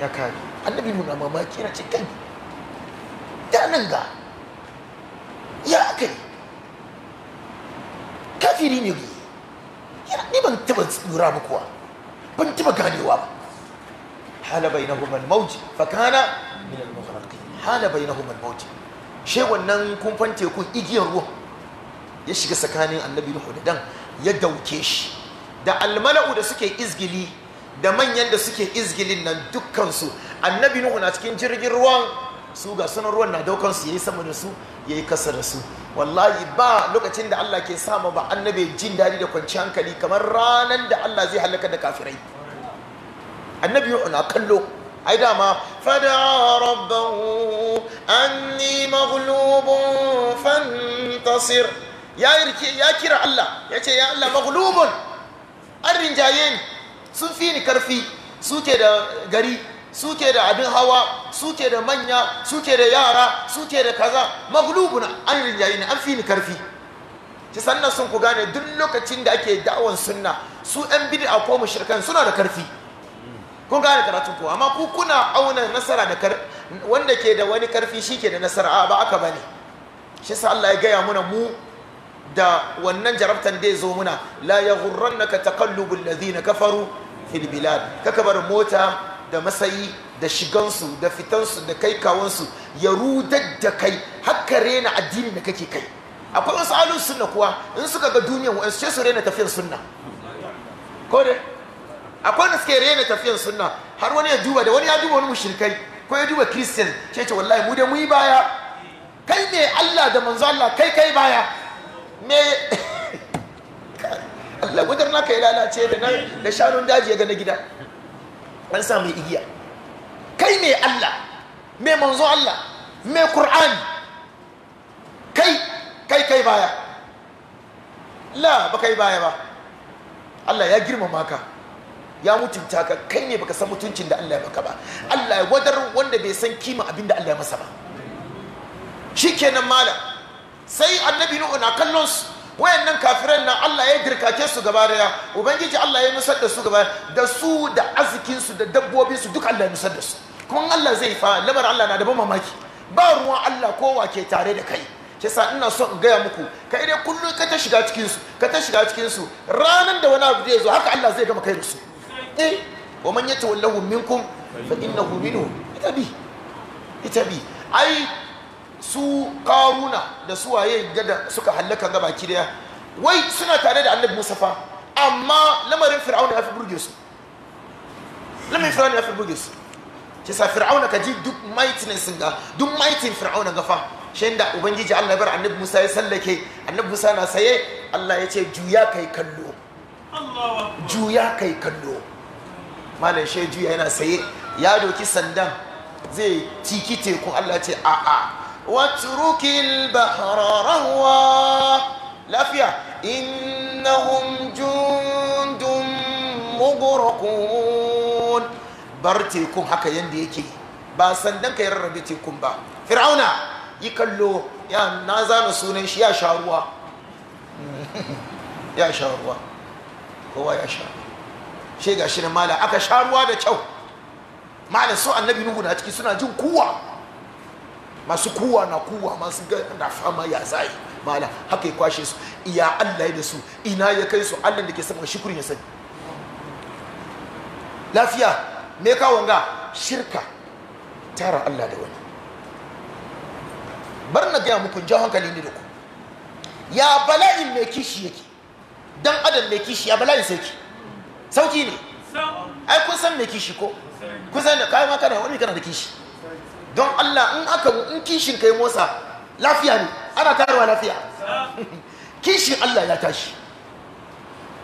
ya kai annabi mun mamaki na cikin da nan ga ya kai kafiri ne ne ni ban taba tsura ba kuwa ban taba ganewa ba hala bainahum al-mawj fa kana min al-mughraqin hala bainahum al-mawj she wannan kumfan tekun igiyar ruwa ya shiga tsakanin annabi ruhu da dan ya dauke shi da almala'u da suke izgili da manyan da suke izgilin nan dukkan su annabi Nuhu na cikin jirgin ruwan su ga sunan ruwan na daukan su yayi sama da su yayi kasa da su wallahi ba lokacin da Allah ke sama ba annabi jin dadi da kwanci hankali kamar ranan da Allah zai halaka da kafirai annabi na kallo ai dama fada rabbahu anni maghlubun fantasir ya ya kira Allah ya ce ya Allah maghlubun an rinjaye ni sun fi ni karfi suke da gari suke da abin hawa suke da manya suke da yara suke da kaza maglubuna an rinjayi ne an fi ni karfi ci sannan sun ku gane duk lokacin da ake da'awan sunna su yan a ko mushrikan suna da karfi kun gane karatun ko amma ku kuna auna nasara da kar wanda ke da wani karfi shike da nasara a ba aka bane shi sa Allah ya gaya muna mu da wannan jarabtan da ya zo muna la yaghurrannaka taqallubul ladina kafaru fil bilad kaka bar mota da masayi da shigansu da fitansu da kai kawansu ya rudar da kai haka rena addinin da kake kai akwai wasu alun sunna kuwa in suka ga duniyan wa'ansu ce su rena tafiyan sunna ko ne akwai wanda suke rena tafiyan sunna har wani ya duba da wani ya duba wani mushrikai ko ya duba christian ce ce wallahi mu dai mu yi baya kai me Allah da manzo Allah kai kai baya me Allah gudar naka kai lalace da na da shanun daji ya ga na gida an sa mai igiya kai mai Allah mai manzo Allah mai kur'an kai kai kai baya la ba kai baya ba Allah ya girmama ka ya mutunta ka kai ne baka san mutuncin da Allah ya maka ba Allah ya wadar wanda bai san kima abinda Allah ya masa ba shikenan malam sai annabi nuhu na kallon su wayannan kafiran nan Allah ya kake su gaba daya ubangiji Allah ya nusar da su gaba da su da arzikin su da dabbobin su duk Allah ya nusar da su kuma Allah zai fa lamar Allah na da ban mamaki ba ruwan Allah kowa ke tare da kai ke sa ina so in gaya muku kai dai kullum ka ta shiga cikin su ka ta shiga cikin su ranan da wani abu zai zo haka Allah zai gama kai da su eh wa man yatawallahu minkum fa innahu minhu ita bi ita bi ai su karuna da suwaye da suka hallaka gaba ki daya wai suna tare da annabi musa fa amma lamarin fir'auna ya fi burge su lamarin fir'auna ya fi burge su ce sa fir'auna ka ji duk maitinin sun ga duk maitin fir'auna ga fa shi da ubangiji allah ya bar annabi musa ya sallake annabi musa na saye allah ya ce juya kai kallo juya kai kallo malam shi juya yana saye ya doki sandan zai tiki tekun allah ce a'a watruki al-bahra lafiya innahum jundun mugurakun bar tekun haka yadda yake ba sandan ka rarrabe tekun ba fir'auna yi kallo ya na zana sunan shi ya sha ruwa ya sha ruwa kowa ya sha shi ga shi na mala aka sha ruwa da kyau mala su annabi nuhu na ciki suna jin kuwa masu kuwa na kuwa masu ga da fama ya zai mala haka ya kwashe su iya Allah da su ina ya kai su Allah da ke saman shukurin ya sani lafiya me kawon ga shirka tara Allah da wani bar na gaya muku jan hankali ne da ku ya bala'in mai kishi yake dan adam mai kishi ya bala'in sai ki sauki ne ai kun san mai kishi ko kun san da kayan kana wani kana da kishi don Allah in aka in kishin kai motsa lafiya ne ana tarewa lafiya kishin Allah ya tashi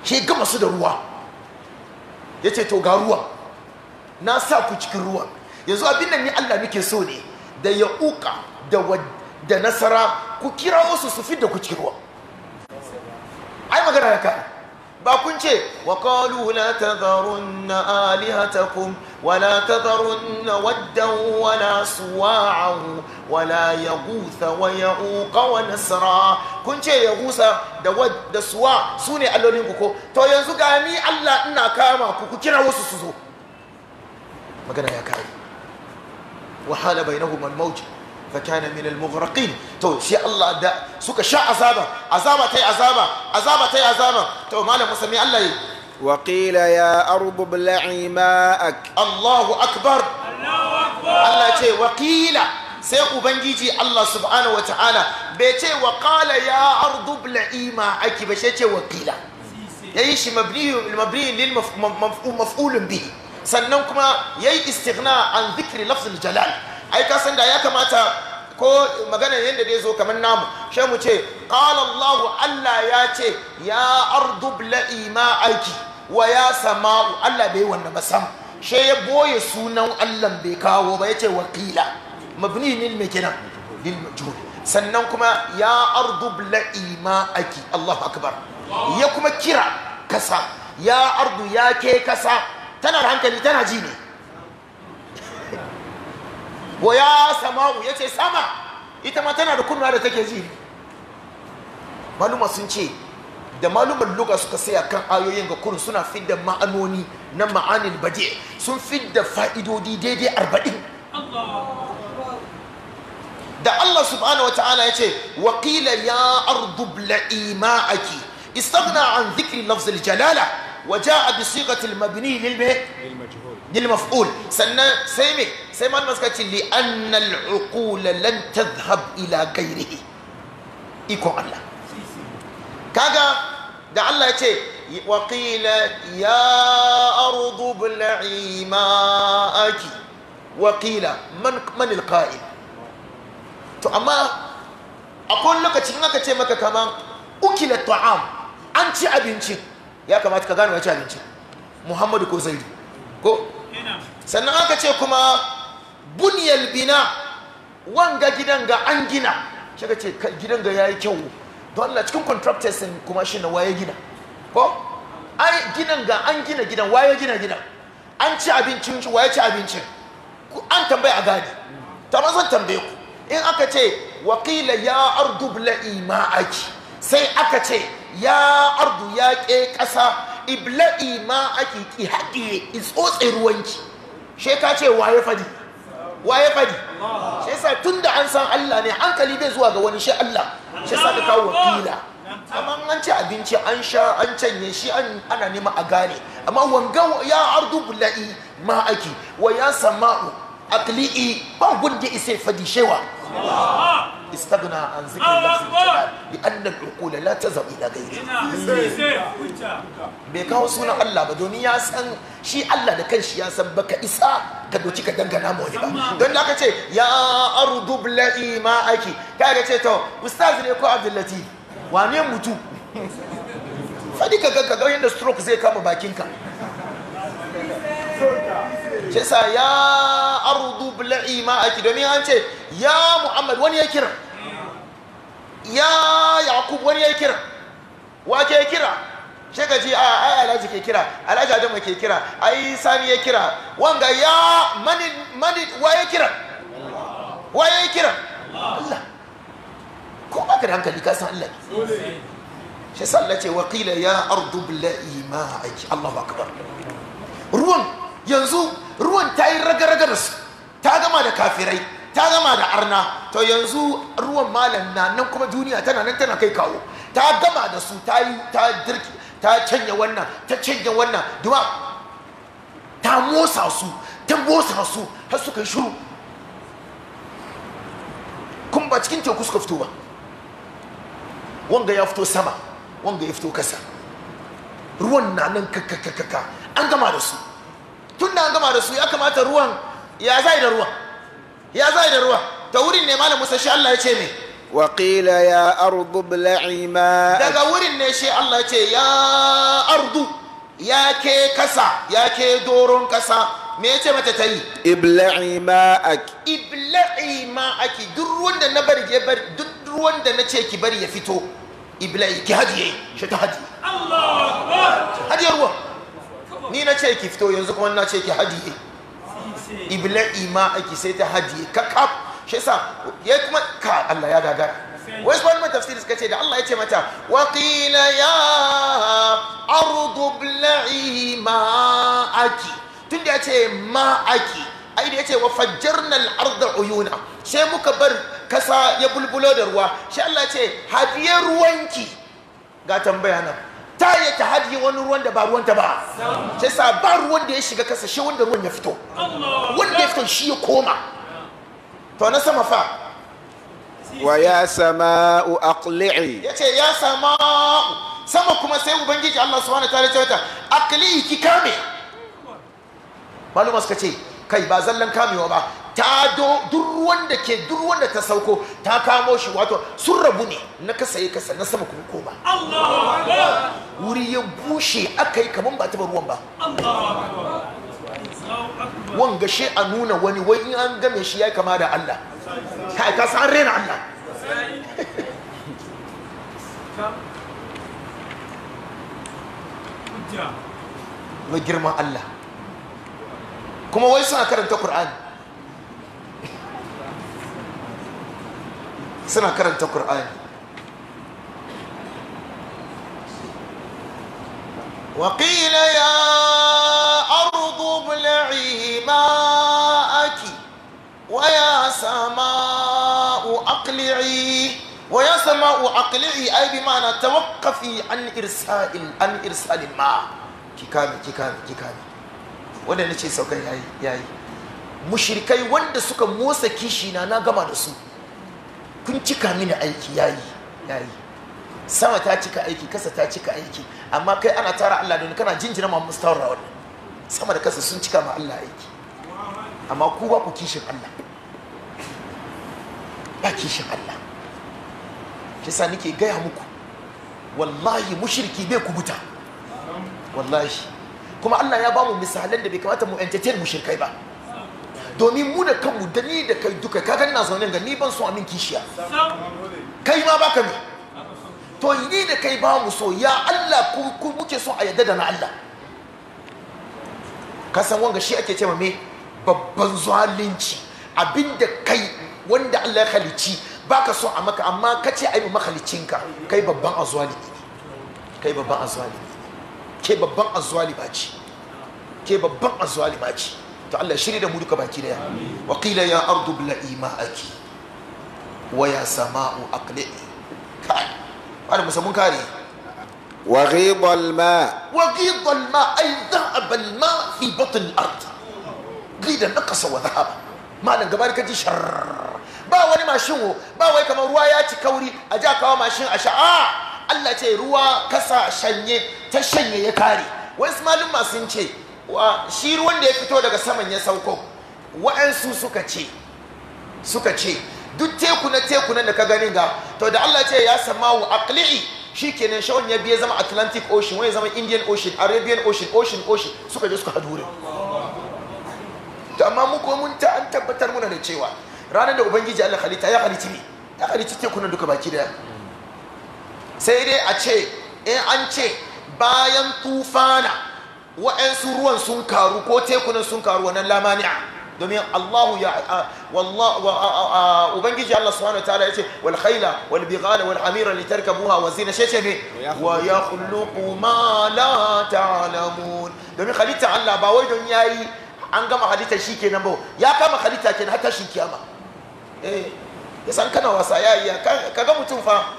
shi gama su da ruwa yace ce to ga ruwa na sa ku cikin ruwa yanzu abin nan ni Allah muke so ne da ya uka da nasara ku kira wasu su fi da ku cikin ruwa ai magana ya kai ba kun ce wa qalu la tadharunna alihatakum wa la tadharunna waddan wa la suwa'an wa la yaghutha wa ya'uq wa nasra kun ce yaghutha da wad da suwa sune allolin ku ko to yanzu ga ni Allah ina kama ku ku kira wasu su zo magana ya kai wa hala bainahum al-mawj fakana min al-mughraqin to shi Allah da suka sha azaba azaba tai azaba azaba tai azaba to malam musami Allah yi wa qila ya ardu bla'i Allahu akbar Allahu akbar Allah ce wa qila sai ubangiji Allah subhanahu wataala bai ce Wakala ya ardu bla'i ma'aki ba sai ce wa qila yayi shi mabni mabni sannan kuma yayi istikna an dhikri lafz jalal ai ka san da ya kamata ko magana yadda dai zo kamar namu shi mu ce qala Allah ya ce ya ardu ima aiki wa ya sama'u Allah bai wanda ba sam she ya boye sunan Allah bai kawo ba yace wakila mabni lil makina lil majhul sannan kuma ya ardu ima aiki Allahu akbar ya kuma kira kasa ya ardu ya ke kasa tana hankali tana ji ne wa ya sama'u ya ce sama ita ma tana da kunnuwa da take ji maluma sun ce da malumar luka suka saya kan ayoyin ga kurun suna fidda ma'anoni na ma'anin baje sun fidda fa'idodi daidai arba'in da Allah subhanahu wata'ala ya ce waƙila ya ardubla bla'i an zikri lafzil jalala وجاء بصيغه المبني للمه للمفعول سنة سيمي سيما المسكت لأن العقول لن تذهب إلى غيره إيكو الله كاغا دع الله يتي وقيل يا أرض بلعي ماءك وقيل من من القائل تو amma akwai لك تشنك ce maka kaman ukila ta'am an ci ya kamata ka gane wace abinci muhammadu ko zaidu ko sannan aka ce kuma buniyal bina wanga gidan ga an gina shi ka ce gidan ga ya yi kyau don Allah cikin contractors sun kuma shi na waye gina ko ai gidan ga an gina gidan waye gina gidan an ci abincin shi waye ci abincin an tambaya a gadi ta zan tambaye ku in aka ce waƙila ya ardu bla'i ma'aki sai aka ce ya ardu ya ke ƙasa ibla'i ma ake ki haɗe tsotse ruwanki she ka ce waye fadi waye fadi she sa tun da an san Allah ne hankali bai zuwa ga wani shi Allah she sa da kawo wakila amma an ci abinci an sha an canye shi ana nema a gane amma wanga ya ardu bula'i ma ake wa ya sama'u akli'i ba gudde isai fadi shewa استغنى عن ذكر الله الجلال لأن العقول لا تذهب إلى غيره bai kawo sunan Allah ba domin ya san shi Allah da kan shi ya san ka isa ka doki ka dangana mu wani ba don da aka ce ya ardu bla'i ma aiki ka ga ce to ne ko abdullati wane mutu faɗi ka ga ga yanda stroke zai kama bakinka shi yasa ya ardu bla'i ma'aki domin an ce ya muhammad wani ya kira ya yaqub wani ya kira wa ke kira shi ka ji a ai alhaji ke kira alhaji adamu ke kira ai sani ya kira wanga ya mani mani wa ya kira wa ya kira Allah ko ba ka da hankali ka san Allah shi sallah ce wa qila ya ardu bla'i ma'aki Allahu akbar ruwan yanzu ruwan ta yi raga-raga da su ta gama da kafirai ta gama da arna to yanzu ruwan malam na nan kuma duniya tana nan tana kai kawo ta gama da su ta yi ta dirki ta canja wannan ta canja wannan duwa ta motsa su ta motsa su har su kai shuru kuma ba cikin teku suka fito ba wanga ya fito sama wanga ya fito kasa ruwan na nan kakakakaka an gama da su tun da an gama da su ya kamata ruwan ya zai da ruwa ya zai da ruwa ta wurin ne malam musa shi Allah ya ce me wa qila ya ardu bla'i ma daga wurin ne shi Allah ya ce ya ardu ya ke kasa ya ke doron kasa me ya ce mata ta yi ibla'i ma'aki ibla'i ma'aki duk ruwan da na bari ya bari duk ruwan da na ce ki bari ya fito ibla'i ki hadiye shi ta hadiye Allah hadiye ruwan ni na ce ki fito yanzu kuma na ce ki hadiye ibla ima ake sai ta hadiye kakab shi yasa ya kuma ka Allah ya gagara wai kuma wani tafsiri suka ce da Allah ya ce mata wa qila ya ardu bla'i ma aki tunda ya ce ma aki ai da ya ce wa fajjarna al-arda uyuna sai muka bar kasa ya bulbulo da ruwa shi Allah ya ce hadiye ruwanki ga tambaya nan ta ya ta hadiye wani ruwan da ba ruwanta ba sai sa ba ruwan da ya shiga kasa shi wanda ruwan ya fito wanda ya fito shi ya koma to na sama fa wa ya sama sama'u aqli'i ce ya sama'u sama kuma sai ubangiji Allah subhanahu wataala ya ce aqli'i ki kame maluma suka ce kai ba zallan kamewa ba ta do duk ruwan da ke duk ruwan da ta sauko ta kamo shi wato sun rabu ne na kasa ya kasa na sama kuma koma wuri ya bushe aka yi kaman ba ruwan ba wanga shi a nuna wani wai in an game shi ya kama da Allah kai ka san rena Allah mai girman Allah kuma wai suna karanta Qur'ani suna karanta Kur'ani. Wakilai ya aure bule a aiki ya aiki waya sama u aqlaci aiki ma na ta wakafi an irsa in ma. Ki ka bi ki ka bi ki ce sauƙan ya yi. wanda suka motsa kishina na gama da su. kun cika mini aiki yayi yayi sama ta cika aiki kasa ta cika aiki amma kai ana tara Allah don kana jinjina ma mustawra wannan sama da kasa sun cika ma Allah aiki amma ku ba ku kishin Allah ba kishin Allah kisa nake gaya muku wallahi mushriki bai kubuta wallahi kuma Allah ya ba mu misalan da bai kamata mu entertain mushrikai ba domin mu da kanmu da ni da kai duka kaga ina zaune ga ni ban so amin kishiya kai ma baka ne to ni da kai ba mu so ya Allah ku muke so a yadda da na Allah ka san wanga shi ake cewa me babban zalunci abinda kai wanda Allah ya halici baka so a maka amma ka ce ai mahalicinka kai babban azwali kai babban azwali ke babban azwali ba ce ke babban azwali ba ce to Allah shirya da mu duka baki daya wa qila ya ardu bla'i ma'aki wa ya sama'u aqli kai wani musamman kare wa ghidha al-ma wa ghidha al-ma ay dhahaba al-ma fi batn al-ard ghidha naqasa wa dhahaba malan gabar kaji shar ba wani mashin ba wai kamar ruwa ya ci kauri a ja kawo mashin a sha'a Allah ce ruwa kasa shanye ta shanye ya kare wai su malin masu ce shi ruwan da ya fito daga saman ya sauko wa'ansu suka ce suka ce duk teku na teku nan da ka gani ga to da Allah ce ya sama wa aqli'i shikenan shawon ya biya zama Atlantic Ocean wai zama Indian Ocean Arabian Ocean Ocean Ocean suka je suka hadure to amma mu ko mun ta an tabbatar muna da cewa ranar da ubangiji Allah halitta ya halitta ne ya halitta teku nan duka baki daya sai dai a ce in an ce bayan tufana wa'ansu ruwan sun karu ko tekunan sun karu wannan lamani'a domin Allahu ya ubangiji Allah subhanahu wa ta'ala yace wal khayla wal bighala wal hamira litarkabuha wa zina shece ne wa yakhluqu ma la ta'lamun domin halitta Allah ba wai don yayi an gama halitta shikenan ba ya kama halitta kenan har tashin kiyama eh yasan kana wasa yayi kaga mutum fa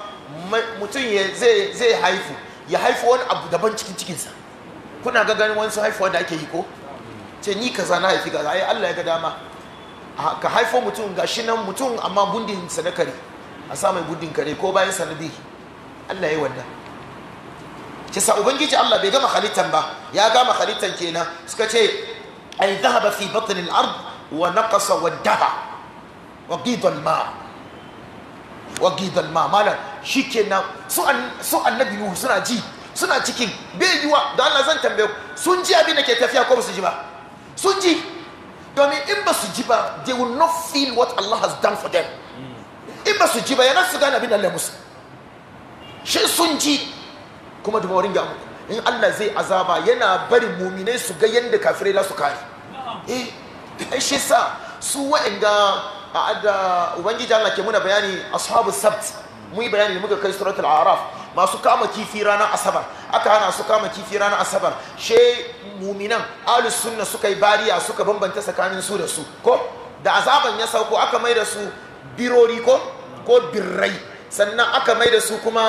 mutum zai haifu ya haifu wani abu daban cikin sa. kuna ga ganin wani haifuwa da ake yi ko ce ni kaza na haifi kaza zai Allah ya ga dama ka haifo mutum shi nan mutum amma bundin sa na kare a sa mai bundin kare ko bayan sanadi Allah ya yi wanda ce sa ubangiji Allah bai gama halittan ba ya gama halittan kenan suka ce ai dhahaba fi batn al-ard wa naqasa wa daha wa qida ma wa qida ma malan shikenan su annabi Nuhu suna ji suna cikin bai yiwa da Allah zan tambaye ku sun ji abin da ke tafiya ko su ji ba sun ji domin in ba su ji ba they will not feel what Allah has done for them hmm. in ba su ji ba yana su gane abin da Allah musu shi sun ji kuma da maurin gamu in Allah zai azaba yana bari muminai su ga yadda kafirai za su kare eh, eh shi sa su wa'anga a da ubangiji Allah ke muna bayani ashabu sabt mu yi bayani da muka kai suratul araf masu kama kifi ranar asabar aka hana su kama kifi ranar asabar she muminan alus sunna suka yi bariya suka bambanta tsakanin su da su ko da azaban ya sauko aka mai da su birori ko ko birrai sannan aka mai da su kuma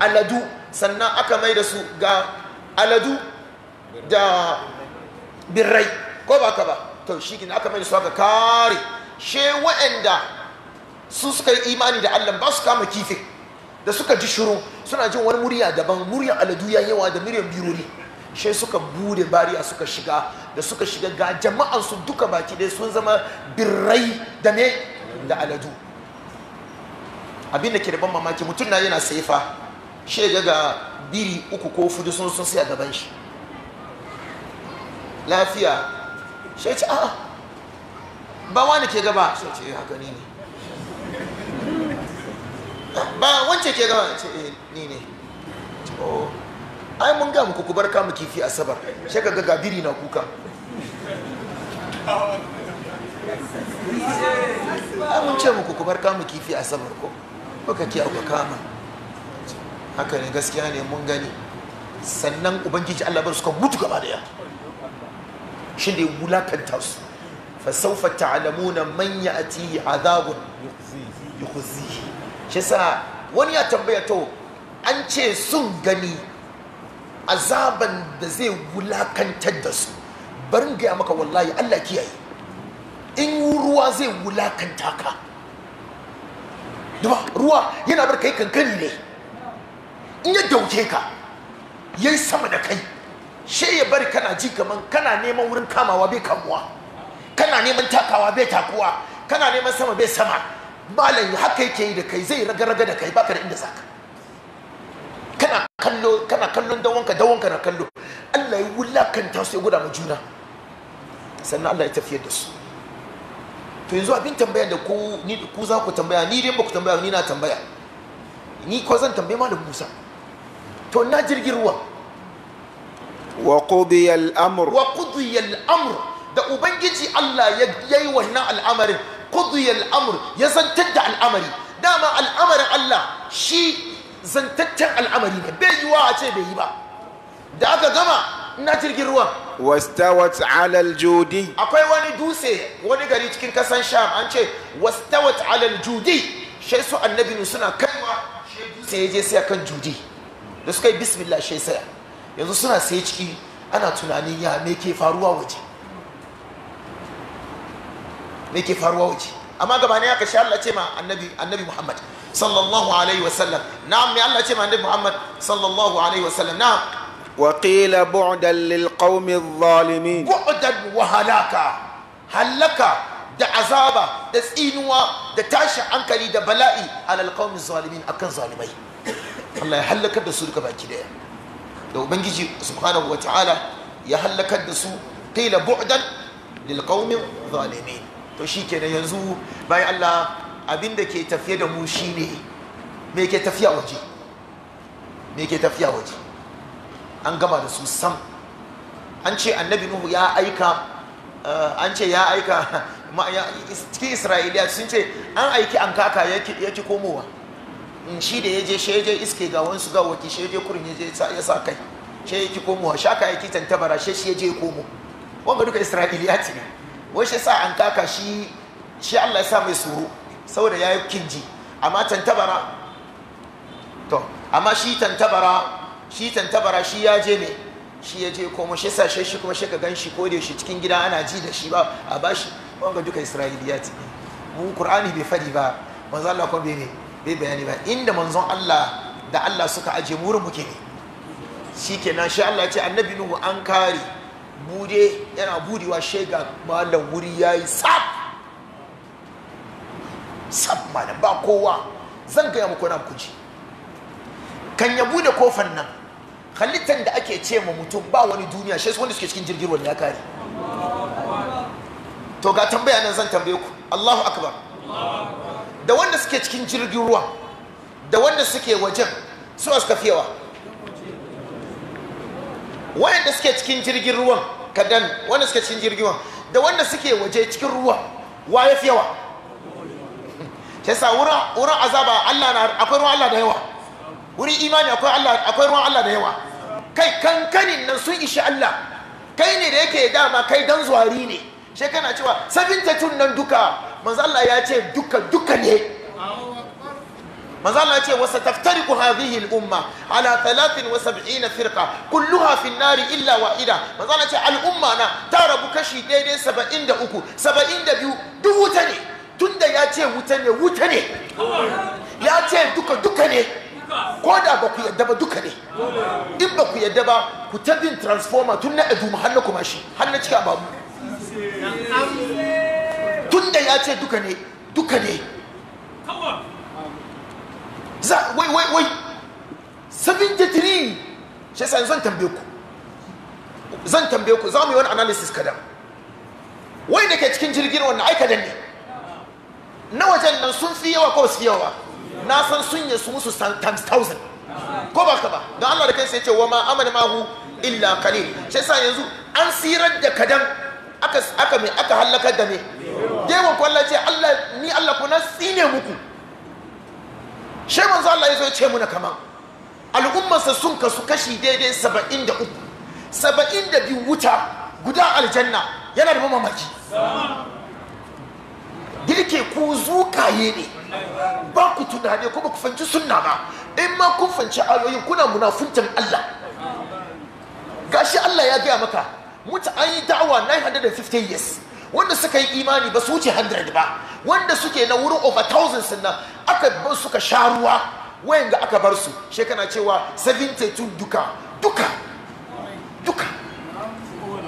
aladu sannan aka mai da su ga aladu da birrai ko ba ka ba to shi aka mai da su aka kare she wa'anda su suka yi imani da allah ba su kama kifi da suka ji shiru suna jin wani murya daban muryan aladu ya yawa da muryan birori shai suka bude bariya suka shiga da suka shiga ga jama'an su duka baki dai sun zama birrai da me da aladu abin da ke da ban mamaki mutum na yana saifa shi daga biri uku ko fudu sun sun siya gaban shi lafiya shi ce a ba wani ke gaba ce eh, haka ne ba wance ke gama ce eh, ni ne oh, ai mun ga muku ku bar kamu kifi a sabar shi ka ga gabiri na kuka ai mun ce muku ku bar kamu kifi a sabar ko baka ki auka kama haka ne gaskiya ne mun gani sannan ubangiji Allah bar suka mutu gaba da ya shi ne wulakanta su fa saufa ta'lamuna man ya'tihi adhabun yukhzihi shi sa wani ya tambaya to an ce sun gani azaban da zai wulakantar da su barin gaya maka wallahi Allah kiyaye in ruwa zai wulakanta ka ruwa yana bar kai kankani ne in ya dauke ka yayi sama da kai she ya bari kana ji kaman kana neman wurin kamawa bai kamuwa kana neman takawa bai takuwa kana neman sama bai sama malam haka yake yi da kai zai raga-raga da kai baka da inda zaka kana kallo kana kallon dawonka dawonka na kallo Allah ya wulakanta su ya guda ma juna sannan Allah ya tafiyar da su to yanzu abin tambaya da ku ni ku za ku tambaya ni dai ba ku tambaya ni na tambaya ni ko zan tambaye malam Musa to na jirgin ruwa wa qudiya al-amr wa qudiya al-amr da ubangiji Allah ya yi wannan al'amarin qudiya al'amr ya zantar da al'amari dama al'amarin Allah shi zantaccen al'amari ne bai yiwa a ce bai yi ba da aka gama na jirgin ruwan wastawat alal judi akwai wani dutse wani gari cikin kasan sham an ce wastawat alal judi shai su annabi suna kaiwa shai dutse ya je sai kan judi da suka yi bismillah shai saya yanzu suna sai ciki ana tunanin ya me ke faruwa waje me ke faruwa waje amma gaba ne aka sha Allah ce ma annabi annabi Muhammad sallallahu alaihi wasallam na'am me Allah ce ma annabi Muhammad sallallahu alaihi wasallam na'am wa qila bu'dan lil qaumi adh-dhalimin bu'dan wa halaka halaka da azaba da tsinuwa da tashi hankali da bala'i alal qaumi zalimin akan zalimai Allah ya halaka da su duka baki daya da ubangiji subhanahu wataala ya halaka da su qila bu'dan lil qaumi adh-dhalimin to shi kenan yanzu bayan Allah abin da ke tafiye da mu shine me ke tafiya waje me ke tafiya waje an gama da su sam an ce annabi nuhu ya aika eh, an ce ya aika cikin isra'iliya sun ce an aiki an kaka ya ki komowa mm, shi da ya je shi ya je iske ga wansu ga waki shi ya je kurin ya sa kai shi ya ki komowa shaka ya ki tantabara shi ya je komo wanga duka isra'iliya ne wai shi sa an kaka shi shi Allah ya sa mai tsoro saboda ya yi kinji amma tantabara to amma shi tantabara shi tantabara shi ya je ne shi ya je kuma shi sa shi kuma shi ka gan shi ko da shi cikin gida ana ji da shi ba a bashi wanga duka isra'iliyat mu qur'ani bai fadi ba manzon Allah kuma bai bai bayani ba inda manzon Allah da Allah suka aje mu muke ne shikenan shi Allah ya ce annabi nuhu an kare bude yana budewa shega malam wuri ya yi sab sab malam ba kowa zan gaya muku na kuji kan ya bude kofan nan halittar da ake ce ma mutum ba wani duniya shi wanda suke cikin jirgin wani ya kare to ga tambaya nan zan tambaye ku Allahu akbar da wanda suke cikin jirgin ruwa da wanda suke wajen su suka fiyawa wayanda suke cikin jirgin ruwan kadan wanda suke cikin jirgin ruwan da wanda suke waje cikin ruwa wa ya fi yawa ta sa wurin azaba Allah na akwai ruwan Allah da yawa wurin imani akwai Allah akwai ruwan Allah da yawa kai kankanin nan sun ishi Allah kai ne da yake dama kai dan zuwari ne shekana cewa sabin tatun nan duka manzo Allah ya ce duka duka ne Maza Allah ce wasa taftariqu hadhihi al-umma ala 73 firqa kulluha fi an-nar illa wahida Maza Allah ce al'umma na ta rabu kashi daidai 73 72 duk wuta ne tunda ya ce wuta ne wuta ne ya ce duka duka ne ko da ba ku yadda ba duka ne in ba ku yadda ba ku ta bin transformer tun na edu har na kuma shi har na cika babu tunda ya ce duka ne duka ne za wai wai wai 73 shi yasa zan tambaye ku zan tambaye ku za mu yi wani analysis kadan wai da ke cikin jirgin wannan ai kadan ne na wajen nan sun fi yawa ko su fi yawa na san sun yi su musu times thousand ko ba ka ba don Allah da kansa ya ce wa ma amana mahu illa qalil shi yasa yanzu an sirar da kadan aka aka mai aka halakar da me yawan kwallace Allah ni Allah ku na tsine muku shi manzo Allah ya zo ya ce muna kaman al'ummarsa sun kasu kashi daidai saba'in da uku saba'in da biyu wuta guda aljanna yana da mamaki da yake ku zukaye ne ba ku tunane ko ba ku fanci sunna ba in ma kun fanci ayoyin kuna munafuntan Allah gashi Allah ya gaya maka muta an yi da'awa 950 years wanda suka yi imani ba su wuce 100 ba wanda suke na wurin over thousands nan aka bar ka sha ruwa wayan ga aka bar su she kana cewa 72 duka duka duka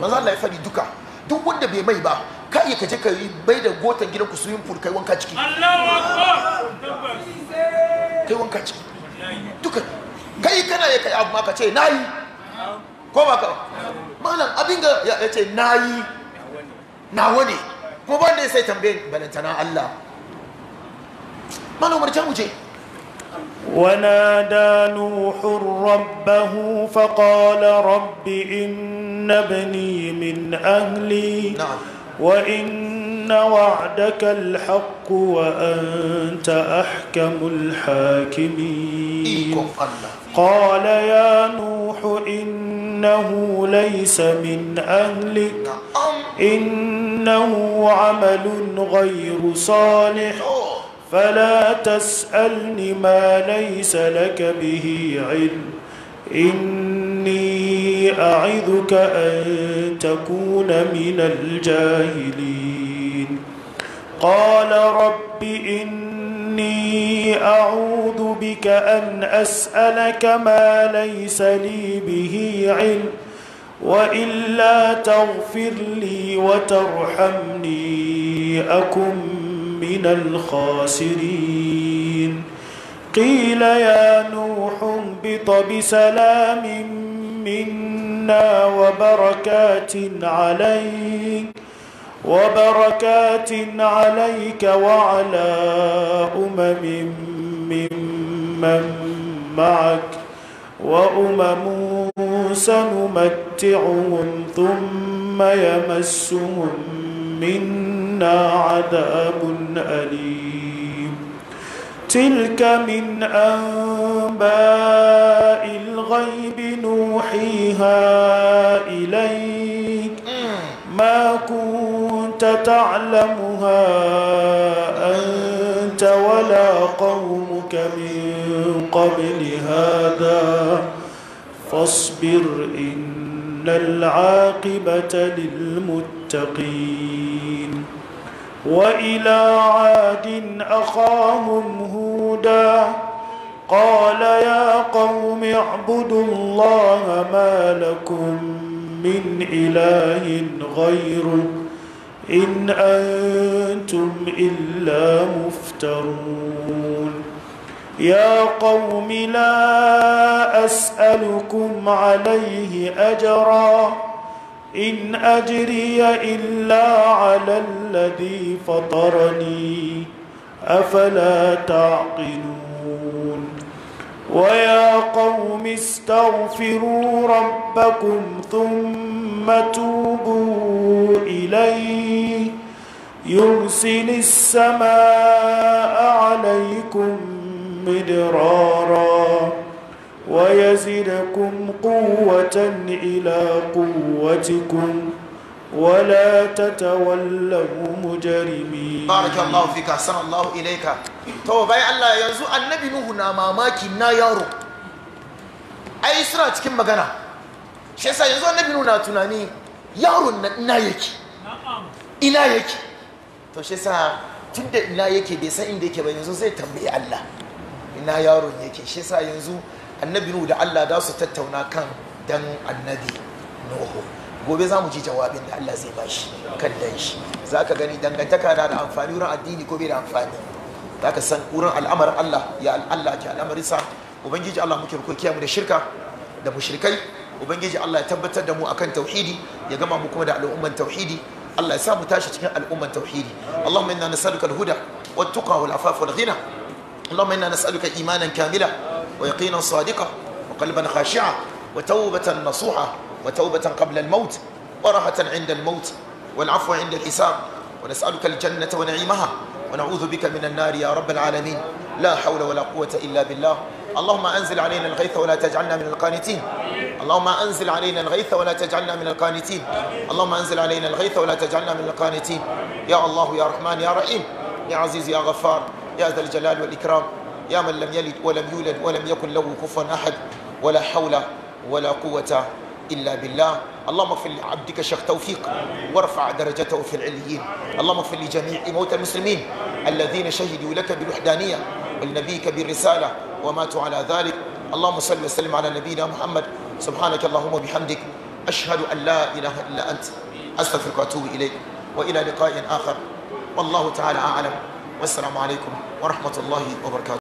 maza Allah ya fadi duka duk wanda bai mai ba ka iya kaje ka bai da gotan gidan ku swimming pool kai wanka ciki Allahu akbar kai wanka ciki duka kai kana ya kai abu ma ka ce nayi ko ba ka malam abin ga ya ce nayi nawa ne ko ba wanda sai tambayin balantana Allah malam ونادى نوح ربه فقال رب إن ابني من أهلي نعم. وإن وعدك الحق وأنت أحكم الحاكمين قال يا نوح إنه ليس من أهلك إنه عمل غير صالح فلا تسألني ما ليس لك به علم إني أعذك أن تكون من الجاهلين قال رب إني بك أن أسألك ما ليس لي به علم وإلا تغفر لي وترحمني أكن من الخاسرين قيل يا نوح اهبط بسلام منا وبركات عليك وبركات عليك وعلى أمم من أمما معك وأمم سنمتعهم ثم يمسهم منا عذاب أليم تلك من أنباء الغيب نوحيها إليك ما كنت تعلمها أنت ولا قوم قومك من قبل هذا فاصبر إن العاقبة للمتقين وإلى عاد أخاهم هودا قال يا قوم اعبدوا الله ما لكم من إله غيره إن أنتم إلا مفترون يا قوم لا أسألكم عليه أجرا إن أجري إلا على الذي فطرني أفلا تعقلون ويا قوم استغفروا ربكم ثم توبوا إليه يرسل السماء عليكم مدرارا ويزدكم قوة إلى قوتكم ولا تتولوا مجرمين بارك الله فيك أحسن الله إليك تو الله ينزو النبي نوح نا ماماكي يارو أي سرعة cikin magana shi yasa yanzu annabi nuna tunani yaron nan ina yake ina yake to shi tunda ina yake bai san inda yake ba yanzu zai tambayi Allah ina yaron yake shi yasa yanzu annabi nuhu da Allah da su tattauna kan dan annabi nuhu gobe za mu ji jawabin da Allah zai bashi kan dan shi za ka gani dangantaka na da amfani wurin addini ko bai da amfani za ka san wurin al'amarin Allah ya Allah ke al'amarin sa ubangiji Allah muke rukukiya mu da shirka da mushrikai ubangiji Allah ya tabbatar da mu akan tauhidi ya gama mu kuma da al'umman tauhidi Allah ya sa mu tashi cikin al'umman tauhidi Allahumma inna nas'aluka al-huda wat-tuqa wal-afafa wal-ghina اللهم إنا نسألك إيمانا كاملا ويقينا صادقا وقلبا خاشعا وتوبة نصوحة وتوبة قبل الموت وراحة عند الموت والعفو عند الحساب ونسألك الجنة ونعيمها ونعوذ بك من النار يا رب العالمين لا حول ولا قوة إلا بالله اللهم أنزل علينا الغيث ولا تجعلنا من القانتين اللهم أنزل علينا الغيث ولا تجعلنا من القانتين اللهم أنزل علينا الغيث ولا تجعلنا من القانتين يا الله يا رحمن يا رحيم يا عزيز يا غفار يا ذا الجلال والإكرام يا من لم يلد ولم يولد ولم يكن له كفوا أحد ولا حول ولا قوة إلا بالله اللهم اغفر لعبدك شيخ توفيق وارفع درجته في العليين اللهم اغفر لجميع موتى المسلمين الذين شهدوا لك بالوحدانية ولنبيك بالرسالة وماتوا على ذلك اللهم صل وسلم على نبينا محمد سبحانك اللهم وبحمدك أشهد أن لا إله إلا أنت أستغفرك وأتوب إليك وإلى لقاء آخر والله تعالى أعلم والسلام عليكم ورحمة الله وبركاته